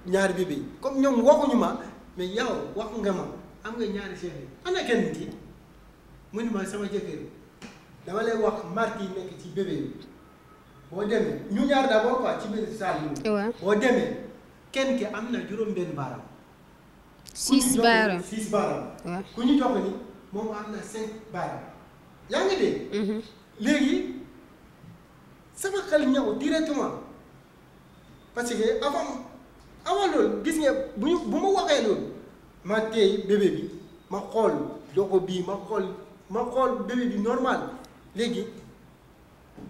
Speaker 2: nga waxuñu ma mais yow wax nga ma am nga ñaari seex yi ana kenn ki mu ne ma sama jëkkër dama lay wax marque yi nekk ci bébé bi boo demee ñu ñaar d'abord quoi ci biir saal yi. waaw kenn ki am na juróom-benn baaraam. six baaraam six baaraam. ku ñu jox ni moom am na cinq baaraam yaa ngi dégg. Mm-hmm. léegi sama xel ñëw directement parce que avant loolu gis nga bu ñu bu ma waxee loolu ma tey bébé bi ma xool doxo bii ma xool ma xool bébé bi normal léegi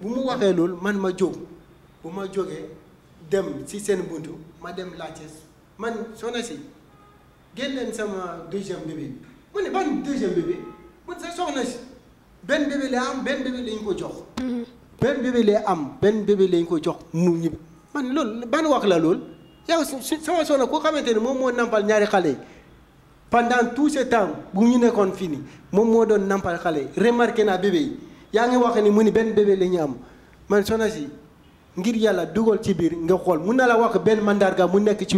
Speaker 2: bu mu waxee loolu man ma jóg bu ma jógee dem ci seen buntu ma dem laajte man soxna si génn leen sama deuxième bébé bi mu ne ban deuxième bébé man sa soxna si benn bébé lay am benn bébé lañ ko jox. Mhm. benn bébé lay am benn bébé lañ ko jox mu ñibbi man loolu ban wax la loolu. yow sama soona koo xamante ne moom moo nampal ñaari xale yi pendant tout ce temps bu ñu nekkoon fii nii moom moo doon nampal xale yi naa bébé yaa ngi wax ni mu ni benn bébé la ñu am man soxna si ngir yàlla dugal ci biir nga xool mun na la wax benn mandarga mu nekk ci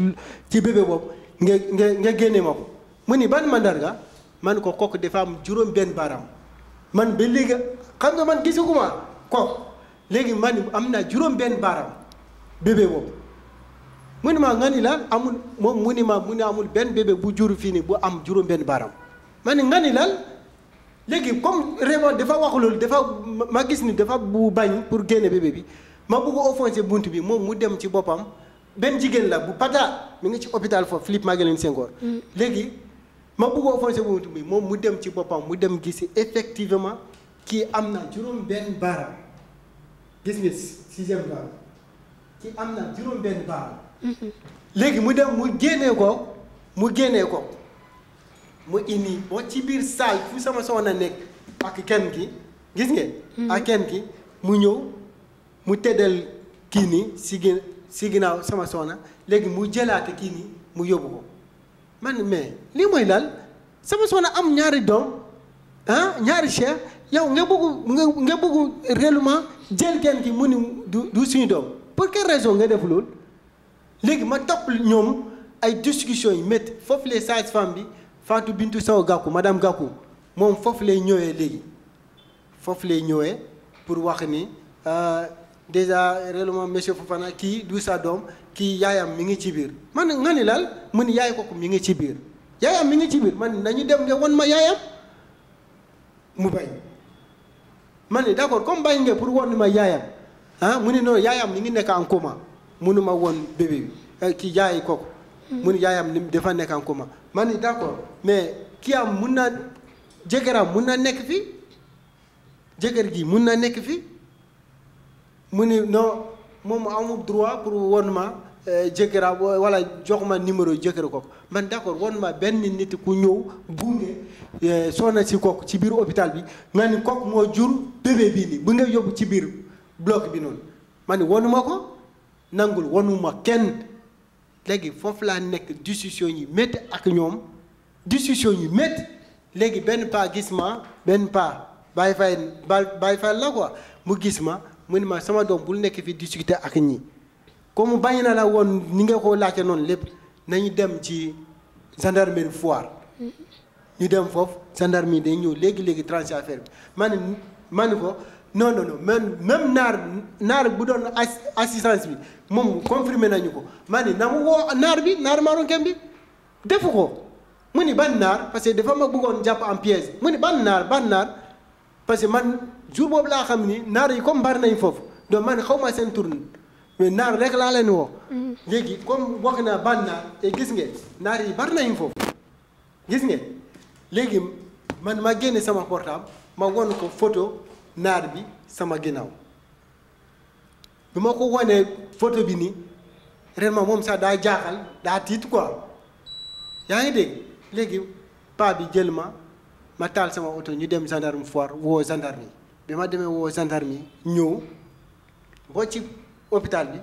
Speaker 2: ci bébé boobu nga nga nga ma ko mu ni ban mandarga man ko kooku dafa am juróom benn baaraam man ba léegi xam nga man gisuguma kooku léegi man am naa juróom benn baaraam bébé boobu mu ni ma nga ni lan amul moom mu ni ma mu ni amul benn bébé bu juru fii nii bu am juróom benn baaraam ma ni nga ni lan léegi comme Raymond dafa wax loolu dafa ma gis ni dafa bu bañ pour génne bébé bi ma bëgg offensé bunt bi moom mu dem ci boppam benn jigéen la bu pata mi ngi ci hôpital foofu Philippe Maguilène Senghor mm. léegi ma bëgg offensé bunt bi moom mu dem ci boppam mu dem gisi effectivement kii am na juróom benn baaraam gis nga sixième baaraam kii am na juróom benn baaraam léegi mu dem mu génnee ko mu génnee ko mu indi ba ci biir salle fu sama soxna nekk ak kenn ki gis ngeen. Mm-hmm. ak kenn ki mu ñëw mu tëddal kii nii si gin si ginnaaw sama soxna léegi mu jëlaate kii nii mu yóbbu ko man mais lii mooy lal sama soxna am ñaari doom ah ñaari cheikh yow nga bëgg nga nga bëgg réellement jël kenn ki mu ni du du suñu doom pour quelle raison nga def loolu. léegi ma topp ñoom ay discussion yi métti foofu les sages-femmes bi Fatou Bintou Sow Gakou madame Gakou moom foofu lay ñëwee léegi foofu lay ñëwee pour wax ni euh, déjà réellement monsieur Fofana kii du sa doom kii yaayam mi ngi ci biir man nga ni laal mu ni yaay kooku mi ngi ci biir yaayam mi ngi ci biir man nañu dem nga won ma yaayam mu bañ man ni d'accord comme bañ nga pour won ma yaayam ah mu ni noonu yaayam mi ngi nekk en coma mënuma woon bébé bi ki eh, jaayi kooku. Hmm. mu ni yaayam dafa nekk en coma ma ni d'accord mais kii am mun na jëkkëram mun na nekk fii jëkkër gi mun na nekk fii mu ni non moom amul droit pour woon ma eh, jëkkëram wala jox ma numéro jëkkër kooku man d'accord woon ma benn nit ku ñëw gunge eh, soxna si kooku ci biir hôpital bi nga ni kooku moo jur bébé bi nii bu nga yóbbu ci biir bloc bi noonu ma ni woonu ko nangul wanuma kenn léegi foofu laa nekk discussion yi métti ak ñoom discussion yi métti léegi benn pas gis ma benn pas bay fay bàyyi fay la quoi mu gis ma mu ne ma sama doom bul nekk fi discuter ak ñi comme bàyyi na la woon ni nga ko laajte noonu lépp nañu dem ci gendarmerie foire
Speaker 1: mm-hmm.
Speaker 2: ñu dem foofu gendarmerie day ñëw léegi léegi tranché affaire bi ma ne ko non non non même même naar naar bu doon assistance bi moom confirmé nañu ko maa ni mu woo naar bi naar marocain bi defu ko mu ni ban naar parce que dafa ma bëggoon jàpp en piège mu ni ban naar ban naar parce que man jour boobu laa xam ni naar yi comme bari nañ foofu donc man xaw ma seen tourne mais naar rek laa leen woo. Mm-hmm. léegi comme wax naa ban naar te gis ngeen naar yi bari nañ foofu gis ngeen léegi man ma génne sama portable ma won ko photo. naar bi sama ginnaaw bi ma ko wanee photo bi nii réellement moom sax daa jaaxal daa tiit ko yaa ngi dégg léegi paa bi jël ma ma taal sama oto ñu dem gendarme foire woo gendarme yi bi ma demee woo gendarme yi ñëw boo ci hôpital bi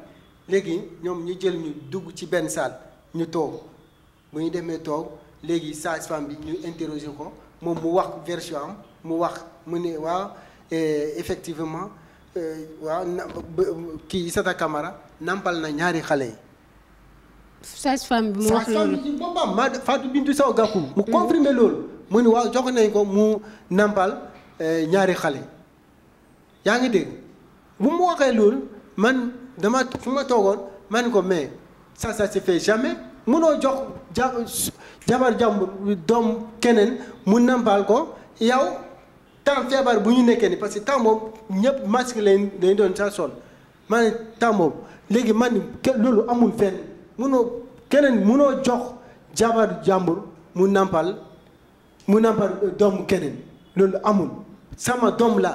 Speaker 2: léegi ñoom ñu jël ñu dugg ci benn salle ñu toog bu ñu demee toog léegi sage-femme bi ñu interroger ko moom mu wax version am mu wax mu ne waaw et effectivement euh, waaw kii sa kamara nampal na ñaari xale yi.
Speaker 1: sage-femme bi mu wax loolu
Speaker 2: sage mu ne loolu mu waaw jox nañ ko mu nampal euh, ñaari xale yaa ngi dégg bu mu waxee loolu man dama fu ma toogoon ma ko mais ça ça se fait jamais munoo jox jabar jàmbur doom keneen mu nampal ko yow. temps feebar bu ñu nekkee ni parce que temps moom ñëpp masque lañ lañ doon saa sol maanaam temps moom léegi man loolu amul fenn munoo keneen munoo jox jabar jàmbur mu nampal mu nampal doom keneen loolu amul sama doom la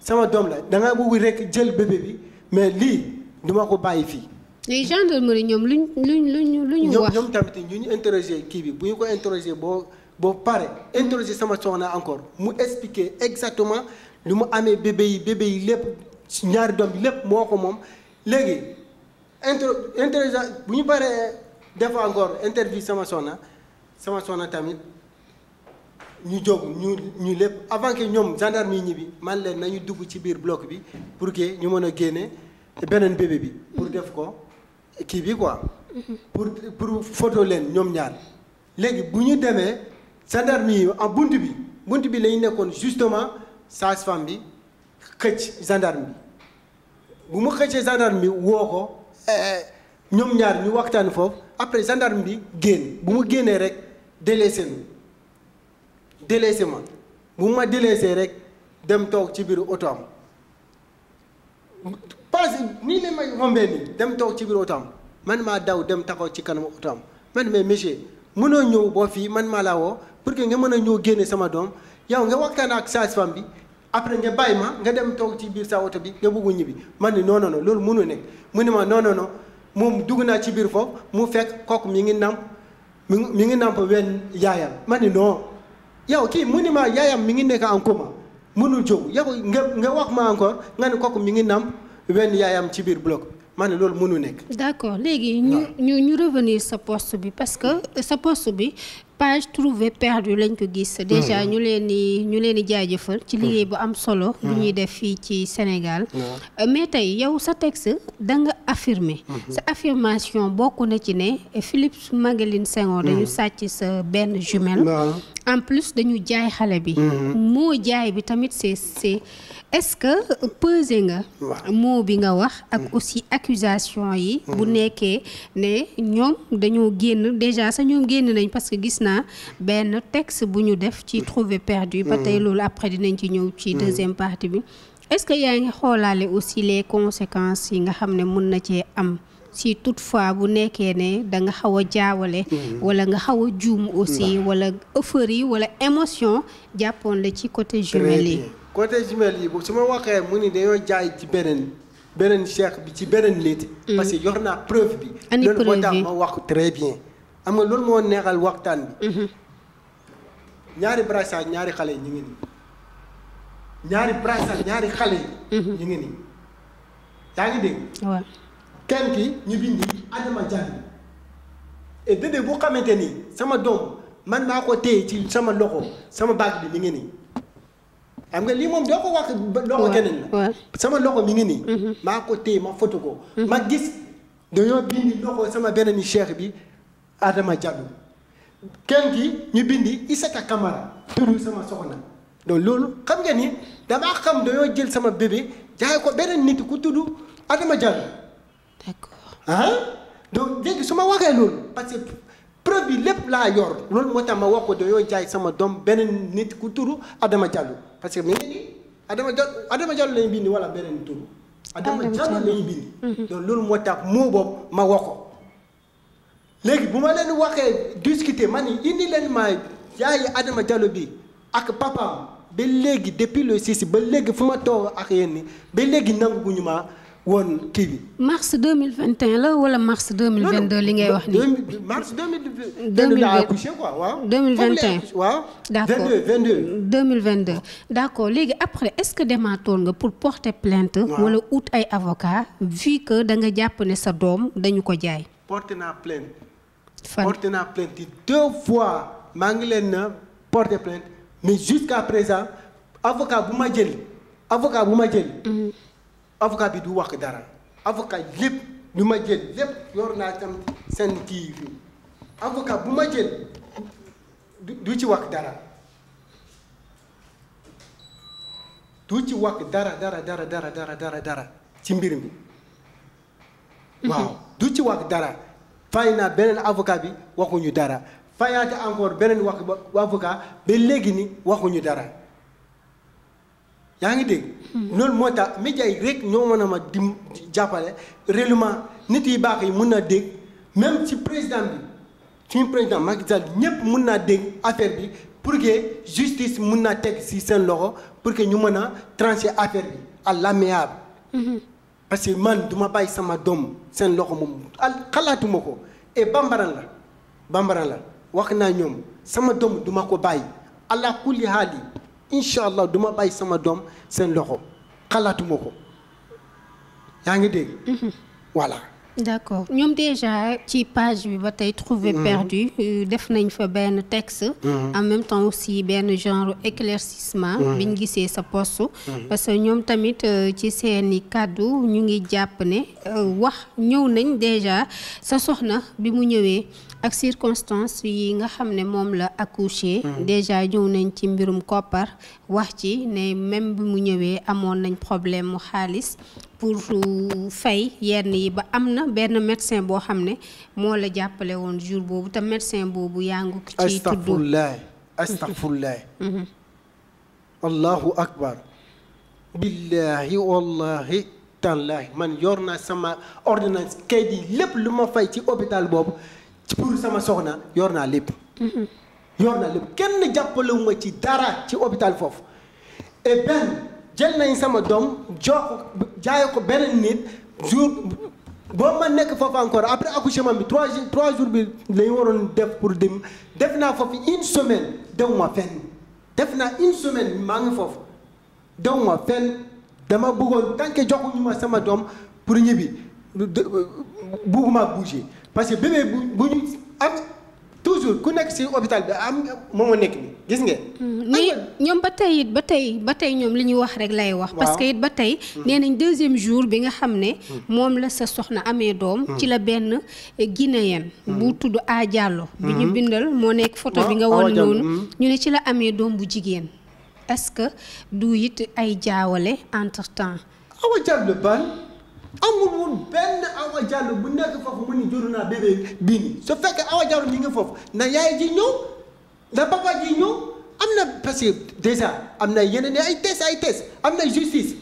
Speaker 2: sama doom la da nga bëgg rek jël bébé bi mais lii duma ko bàyyi fii.
Speaker 1: les gendarmerie ñoom luñ luñ luñ
Speaker 2: luñ wax. ñoom tamit ñu ñu interroger kii bi bu ñu ko interroger boo. boo pare interroger sama soxna encore mu expliquer exactement lu mu amee bébé yi bébé yi lépp ñaari doom bi lépp moo ko moom léegi inter interroger bu ñu paree def encore interview sama soxna sama soxna tamit ñu jóg ñu ñu lépp avant que ñoom gendarme yi ñibbi man leen na ñu dugg ci biir bloc bi pour que ñu mën a génne beneen bébé bi pour def ko kii bi quoi mm-hmm. pour pour photo leen ñoom ñaar léegi bu ñu demee gendarme yi en bunt bi bunt bi lañu nekkoon justement sage-femme bi xëcc gendarme bi bu mu xëccee gendarme bi woo ko eh, ñoom ñaar ñu waxtaan foofu après gendarme bi génn bu mu génnee rek délaissé ma délaissé ma bu ma délaissé rek dem toog ci biir oto am parce que nii la may rombee nii dem toog ci biir oto am man maa daw dem taxaw ci kanam oto am man mais monsieur mënoo ñëw boo fii man maa laa woo pour que nga mën a ñoo génne sama doom yow nga waxtaan ak sage-femme bi après nga bàyyi ma nga dem toog ci biir sa oto bi nga bëgg ñibbi man ni non non non loolu mënu nekk mu ne ma noo non noo moom dugg naa ci biir foofu mu fekk kooku mi ngi namp mi mi ngi namp wenn yaayam man ni non yow kii mu ne ma yaayam mi ngi nekk en coma mënul jóg yow nga nga wax ma encore nga ne kooku mi ngi namp wenn yaayam ci biir bloc. maa ne loolu mënu nekk.
Speaker 1: d' léegi ñu ñu ñu revenir sa poste bi parce que sa poste bi page trouvé perdu lañ ko gis. Hmm. déjà ñu leen di ñu leen di jaajëfal. ci hmm. liggéey bu am solo. Hmm. bu ñuy def fii ci Sénégal. Euh, mais tey yow sa texte da nga affirmer. sa affirmation bokk na ci ne Philippe Magaline Senghor. dañu sàcc sa benn jumelle. en plus dañu jaay xale bi. moo jaay bi tamit c'est c'est est-ce que pesé nga. moo bi nga wax. ak mm. aussi accusation yi. Mm. bu nekkee ne ñoom dañoo génn déjà sa ñoom génn nañ parce que gis naa benn texte bu ñu def ci mm. trouvé perdu. ba tey loolu après dinañ ci ñëw ci deuxième partie bi. est-ce que yaa ngi xoolaale aussi les conséquences yi nga xam ne mën na cee am. si fois bu nekkee ne da nga xaw a jaawale. wala nga xaw a juum aussi wala euphorie wala émotion jàppoon la ci côté jumelle yi.
Speaker 2: côté jumelle yi bu su ma waxee mu ni dañoo jaay ci beneen beneen cheikh bi ci beneen nit. Mm. parce que yor naa preuve bi. ani preuve loolu moo tax ma wax très bien. am na loolu moo neexal waxtaan bi. Mm-hmm. ñaari brassard ñaari xale yi ñu ngi nii ñaari brassard ñaari xale yi. Mm-hmm. ñu ngi nii yaa ngi dégg. waaw kenn ki ñu bind Adama Diagne et déedéet bu xamante ni sama doom man maa ko téye ci sama loxo sama baag bi mi ngi nii. xam nga lii moom doo ko wax loxo keneen la sama loxo mi ngi nii mhm. maa ko téye ma foto ko mhm. ma gis dañoo bindi loxo sama beneen cheikh bi Adama Diallo kenn ki ñu bindi Isaka Kamara turu sama soxna donc loolu xam nga ni damaa xam dañoo jël sama bébé jaay ko beneen nit ku tudd Adama Diallo d'accord ah donc léegi su ma waxee loolu parce que preuve bi lépp laa yor loolu moo tax ma wax ko dañoo jaay sama doom beneen nit ku turu Adama Diallo parce que mi ngi nii Adama Diallo Adama Diallo lañu bind wala beneen turu. Adama Diallo lañu bind. Mhm. donc loolu moo tax moo boobu ma wax ko léegi bu ma leen waxee discuter ma ni indi leen ma yaayi Adama Diallo bi ak papaam ba léegi depuis le 6 ba léegi fu ma toog ak yéen ni ba léegi nanguñu ma. woon kii bi.
Speaker 1: mars deux mille vingt et la wala mars deux mille vingt deux li ngay wax nii.
Speaker 2: mars deux mille deux mille vingt et d' accord deux
Speaker 1: deux léegi après est ce que demaatoon nga pour porter plainte. wala ut ay avocat vu que da nga jàpp ne sa doom dañu ko jaay.
Speaker 2: porté naa plainte. fan porté naa plainte deux fois maa ngi leen na porté plainte mais jusqu' présent avocat bu ma jël avocat bu ma jël. Mhm. avocat bi du wax dara avocat lépp lu ma jël lépp yor naa tam seen kii fii avocat bu ma jël du ci wax dara du ci wax dara dara dara dara dara ci mbir mi waaw du ci wax dara fay naa beneen avocat bi waxuñu dara fayaate encore beneen wax avocat ba léegi ni waxuñu dara yaa ngi dégg. Hmm. loolu moo tax média yi rek ñoo mën a ma dim jàppale réellement nit yi baax yi mun naa dégg même ci président bi suñu président Macky Sall ñëpp mun naa dégg affaire bi pour que justice mun naa teg si seen loxo pour que ñu mën a trancher affaire bi à l'amiable. Hmm. parce que man duma bàyyi sama doom seen loxo moom xalaatuma ko et bambaran la bambaran la wax naa ñoom sama doom duma ko bàyyi allah kulli haali incha allah du bàyyi sama doom seen loxo xalaatuma ko yaa ngi dégg. Mhm. voilà.
Speaker 1: d'accord ñoom déjà ci page bi ba tey trouver mhm. perdu euh, def nañ fa benn texte mhm. en même temps aussi benn genre éclaircissement biñ gisee sa poste parce que ñoom tamit euh, ci seeni kàddu ñu ngi jàpp ne euh, wax ñëw nañ déjà sa soxna bi mu ñëwee ak circonstances yi nga xam ne moom la accouché. déjà ñëw nañ ci mbirum koppar wax ci ne même bi mu ñëwee amoon nañ problème mu xaalis pour euh, fay yenn yi ba am na benn médecin boo xam ne moo la jàppale woon jour boobu te médecin boobu yaa ngi ko ciy mm-hmm.
Speaker 2: allahu akbar billahi wallahi tallaahi man yor naa sama ordonnance kayit yi lépp lu ma fay ci hôpital boobu ci pour sama soxna yor naa lépp. yor na lépp kenn jàppalewu ma ci dara ci hôpital foofu et jël nañ sama doom jox jaay ko beneen nit jour boo ma nekk foofu encore après accouchement bi trois jours trois jours bi lañu waroon def pour dem def naa foofu une semaine dewuma fenn def naa une semaine maa ngi foofu dewuma fenn dama buggoon tant que joxuñu ma sama doom pour ñibbi bugguma bouger. parce que bébé bu bu ñu am toujours ku nekk ci hôpital bi am moom a nekk ni gis ngeen.
Speaker 1: mais mm-hmm. ñoom ba tey it ba tey ba tey ñoom li ñuy wax rek lay wax. parce que ba tey. Mm-hmm. nee nañ deuxième jour bi nga xam ne. Mm-hmm. moom la sa soxna amee doom. ci la benn guinéen. bu tudd A Diallo. bi ñu bindal moo nekk photo bi nga won noonu. ñu ne ci la amee doom bu jigéen. est que du it ay jaawale entre temps.
Speaker 2: Awa Diallo Bane. amul woon benn Awa Diallo bu nekk foofu mu ni jur naa bébé bii nii su fekkee Awa Diallo bi ngi foofu na yaay ji ñëw na papa ji ñëw am na parce que déjà am na yeneen ay tes ay tes am na justice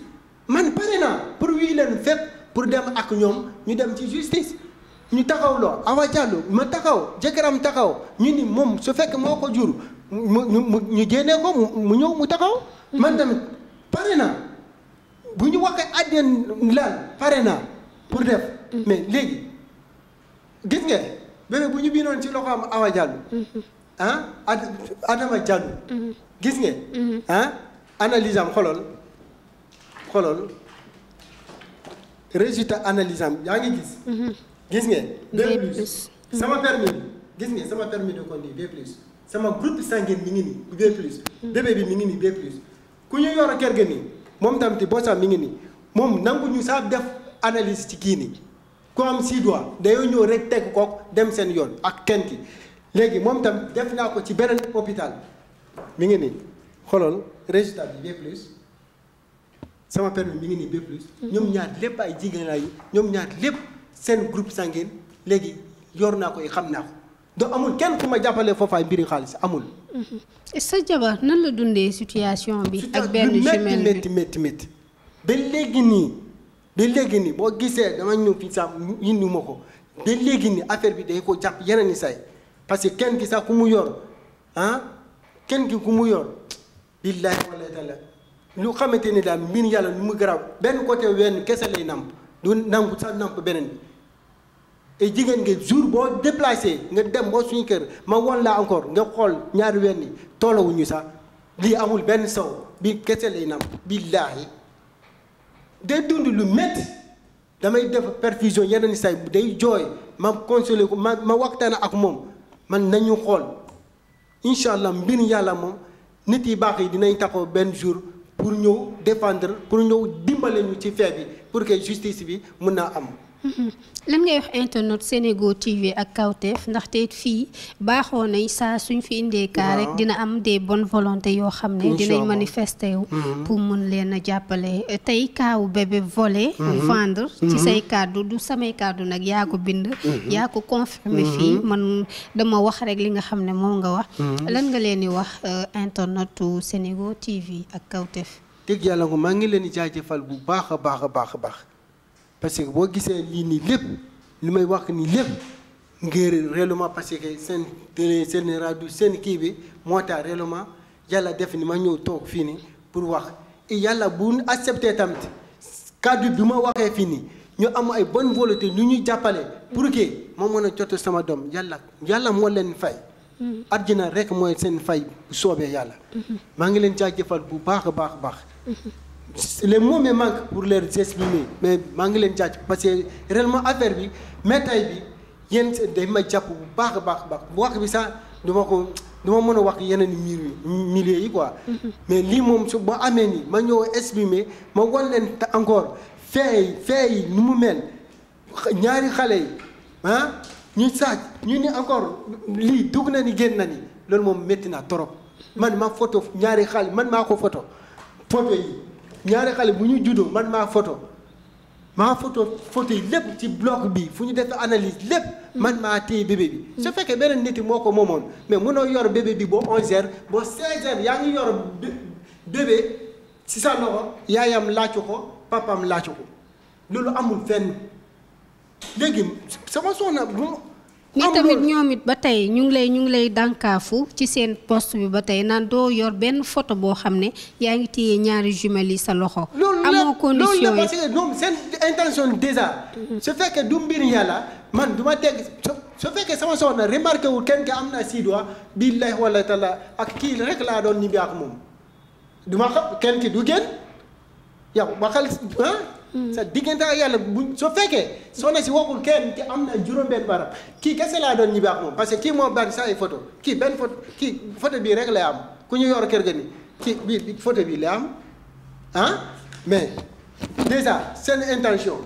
Speaker 2: man pare naa pour wii leen fépp pour dem ak ñoom ñu dem ci justice ñu taxaw loo Awa Diallo ma taxaw jëkkëram taxaw ñu ni moom su fekkee moo ko jur mu mu ñu génnee ko mu ñëw mu taxaw man tamit pare naa bu ñu waxee addeen laal pare naa pour def mm. mais léegi gis nga bébé bu ñu biinoon ci loxoom Awa Diallo mm-hmm. ah Adama Diallo mm-hmm. gis nga mm-hmm. ah analyse am xolol xolol résultat analyse am yaa ngi gis gis nga B plus sama permis gis nga sama permis de conduire B plus sama groupe sanguin mi ngi nii B plus bi mi ngi nii B plus ku ñu yor kër ga nii moom tamit boosam mu ngi nii moom nanguñu saa def analyse ci kii nii ku am six doigts ñëw rek teg kook dem seen yoon ak kenn léegi moom tam def naa ko ci beneen hôpital mi ngi nii xolool résultat bi B plus sama permis mi ngi nii B plus ñoom ñaar lépp ay jigéen lañu ñoom ñaar lépp seen groupe sanguin léegi yor naa koy xam naa ko do amul kenn ku ma jàppale foofaay mbiri xaalis amul.
Speaker 1: Mm-hmm. sa jabar nan la dundee situation bi. ak benn jumelle
Speaker 2: bi métti métti ba léegi nii ba léegi nii boo gisee dama ñëw fii sax indi ko ba léegi nii affaire bi day ko jàpp yeneen i say parce que kenn ki sax ku mu yor ah kenn ki ku mu yor billaahi wallaahi taala lu xamante ni daal mbir yàlla lu mu garaaw benn côté wenn kese lay nàmp du nangu sax namp beneen bi. et jigéen nga jour boo déplacé nga dem boo suñu kër ma won la encore nga xool ñaari wenn yi toolawuñu sax lii amul benn sow bi kese lay nam billaahi day dund lu metti damay def perfusion yeneen say day jooy ma consolé ko ma ma waxtaan ak moom man nañu xool incha allah mbir yàlla moom nit yi baax yi dinañ taxoo benn jour pour ñëw défendre pour ñëw dimbale ñu ci fee bi pour que justice bi mun naa am
Speaker 1: Mhm. lan ngay wax internet Senego TV ak Kawtef ndaxte fii baaxoo nañ saa suñ fi indee kaa rek dina am de bonnes volontés yoo xam ne dinañ manifester mhm. pour mun leen a jàppale tey kaawu bébé vole mhm. vendre ci say kàddu du samay kàddu nag yaa ko bind yaa ko confirmer fii man dama wax rek li nga xam ne moom nga wax lan nga leen di wax euh, internet Senego TV ak Kawtef
Speaker 2: dégg yàlla ko maa ngi leen di jaajëfal bu baax a baax a baax a baax parce que boo gisee lii nii lépp li may wax nii lépp ngir réellement parce que seen télé seen rajo seen kii bi moo tax réellement yàlla def ni ma ñëw toog fii nii pour wax yàlla bu accepté tamit kàddu bi ma waxee fii nii ñu am ay bonne volonté ñu ñuy jàppale pour que moo mën a jot sama doom yàlla yàlla moo leen fay. Mm-hmm. àddina rek mooy seen fay soobee yàlla. Mm-hmm. maa ngi leen jaajëfal bu baax baax a baax. Mm-hmm. les mots me manquent pour sees exprimer mais maa ngi leen jaaj parce que réellement affaire bi métaay bi yéen day ma jàpp bu baax a baax baax bu wax bi sax duma ko duma mën a wax yeneen mil milliers yi quoi mais lii moom su ba amee nii ma ñëw exprimer ma wan leen te encore feey feey nu mu mel ñaari xale yi ah ñu saaj ñu ni encore lii dugg na ni génn na ni loolu moom metti naa trop man ma photo ñaari xale man maa ko photo photo yi ñaari xale bu ñu juddoo man maa photo maa photo photo yi lépp ci bloc bi fu ñu def analyse lépp man maa téye bébé bi su fekkee beneen nit moo ko moomoon mais mënoo yor bébé bi boo onze heures boo seize heures yaa ngi yor bébé si sa loxo yaayam laaju ko papam laaju ko loolu amul fenn léegi sama soxna bu
Speaker 1: ni tamit ñoom it ba tey ñu ngi lay ñu ngi lay dànkaafu ci seen post bi ba tey naan doo yor benn photo boo xam ne yaa ngi téye ñaari jumelles yi sa loxo.
Speaker 2: amoo condition yi loolu ñoom seen intention su fekkee du mbir yàlla man du ma teg su fekkee sama soxna remarqué wu kenn ka am na siiduwa billahi wala taala ak kii rek laa doon ñibbi ak moom du ma xam kenn ki du génn yow waxal ah. Mm. sa diggante ak yàlla bu soo fekkee soo ne si waxul kenn te am na juróom-benn barab kii kese laa doon ñibbi ak moom parce que kii moo bari sa ay photo kii benn photo kii photo bii rek lay am ku ñu yor kër ga ni kii bii photo bii lay am ah seen intention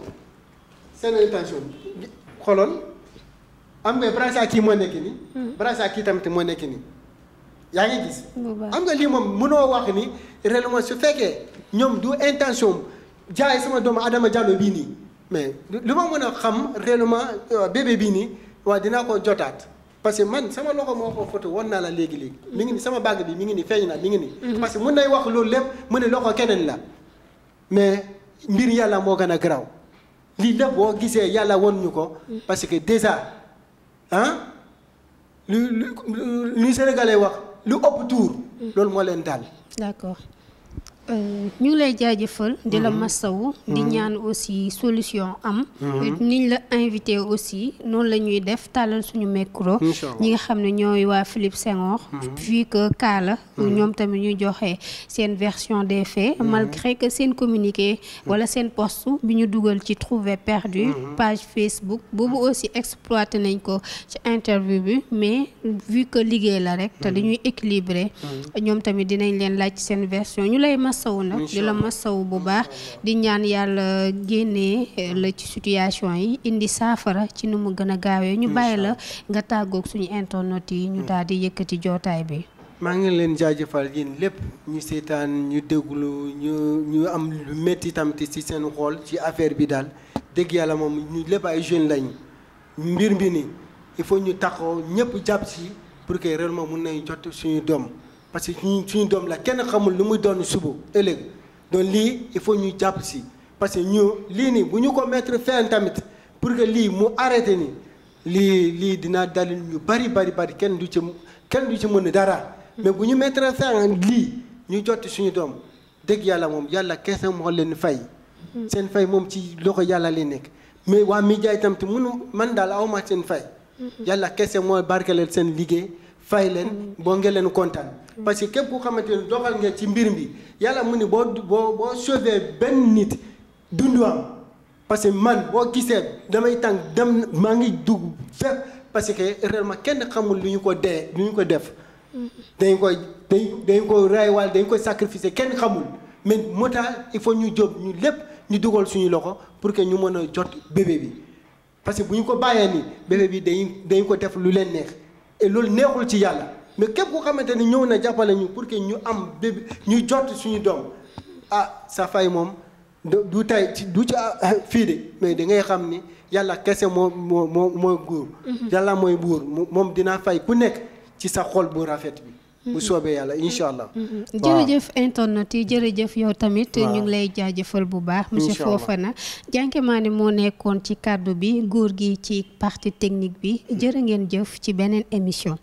Speaker 2: seen intention am nga brassard kii moo nekk nii. Mm. brassard kii tamit moo nekk nii. yaa ngi gis. am nga lii moom mënoo wax ni réellement su fekkee ñoom du intention jaay sama doomu Adama Diallo bii nii mais lu ma mën a xam réellement euh, bébé bii nii waa dinaa ko jotaat parce que man sama loxo moo ko photo woon naa la léegi léegi. mi ngi ni sama bàgg bi mi ngi ni feeñ naa mi ngi ni. Mhm. parce que mun nay wax loolu lépp mu ne loxo keneen la mais mbir yàlla moo gën a garaaw lii lépp boo gisee yàlla won ñu ko. Mhm. parce que déjà ah lu lu lu Sénégalais wax lu ëpp tuur. Mhm. loolu moo leen daal.
Speaker 1: d'accord. Euh, ñu lay jaajëfal di la mhm. masawu di mhm. ñaan aussi solution am mhm. niñ la invité aussi noonu la ñuy def tàllal suñu micro ñi nga xam ne ñooy waa Philippe Senghor vu que kaala ñoom tamit ñu joxe seen version des faits malgré ka seen communiqué wala seen post bi ñu dugal ci trouvé perdu page Facebook boobu aussi exploité nañ ko ci interview bi mais vu que liggéey la rek te dañuy équilibré ñoom tamit dinañ leen laaj seen version masawu nag di la masawu bu baax di ñaan yàlla génnee eh, la ci situation yi indi saafara ci nu mu gën a gaawee ñu bàyyi la nga tàggoog suñu internet yi ñu mm. daal di yëkkati jootaay bi
Speaker 2: maa ngi leen jaajëfal yéen lépp ñu seetaan ñu déglu ñu ñu am lu métti tamit ci seen xool ci affaire bi daal dégg yàlla moom ñu lépp ay jeunes lañ mbir mbi ni il faut ñu taxaw ñëpp jàpp si pour que réellement mun nañ jot suñu doom parce que suñu suñu doom la kenn xamul lu muy doon suba ëllëg donc lii il faut ñu jàpp si parce que ñu lii nii bu ñu ko metre fin tamit pour que lii mu arrêté nii lii lii dinaa dalil ñu bari bari bari kenn du ci kenn du ci mën dara. mais bu ñu mettre fin lii ñu jot suñu doom dëgg yàlla moom yàlla kese moo leen fay. Mm. seen fay moom ci loo ko yàlla lay nekk mais waa média itam te mënu man daal awma seen fay. yàlla kese moo barkeleel seen liggéey fay leen boo ngeen leen kontaan. parce que képp ku xamante ne doxal nga ci mbir mi yàlla mu ni boo boo boo sauver benn nit dundu am parce que man boo gisee damay tàng dem maa ngi dugg fépp parce que réellement kenn xamul lu ñu ko dee lu ñu ko def. dañ koy dañ dañ ko raywaal dañ koy sacrifice kenn xamul mais moo tax il faut ñu jóg ñu lépp ñu dugal suñu loxo pour que ñu mën a jot bébé bi parce que bu ñu ko bàyyee ni bébé bi dañ dañ ko def lu leen neex loolu neexul ci yàlla. mais képp ku xamante ni ñëw na jàppale ñu pour que ñu am bébé ñuy jot suñu doom ah sa fay moom du tey du ci ah, fii de mais da ngay xam ni yàlla kese moo moo moo mooy góor mhm. yàlla mooy buur moom dinaa fay ku nekk ci sa xol bu rafet bi bu mhm. soobee yàlla incha allah.
Speaker 1: Mhm. jërëjëf internet yi jëf yow tamit. ñu ngi lay jaajëfal bu baax. monsieur Fofana Dianké ne moo nekkoon ci kàddu bi nguur gi ci parti technique bi mm. jërë ngeen jëf ci beneen émission.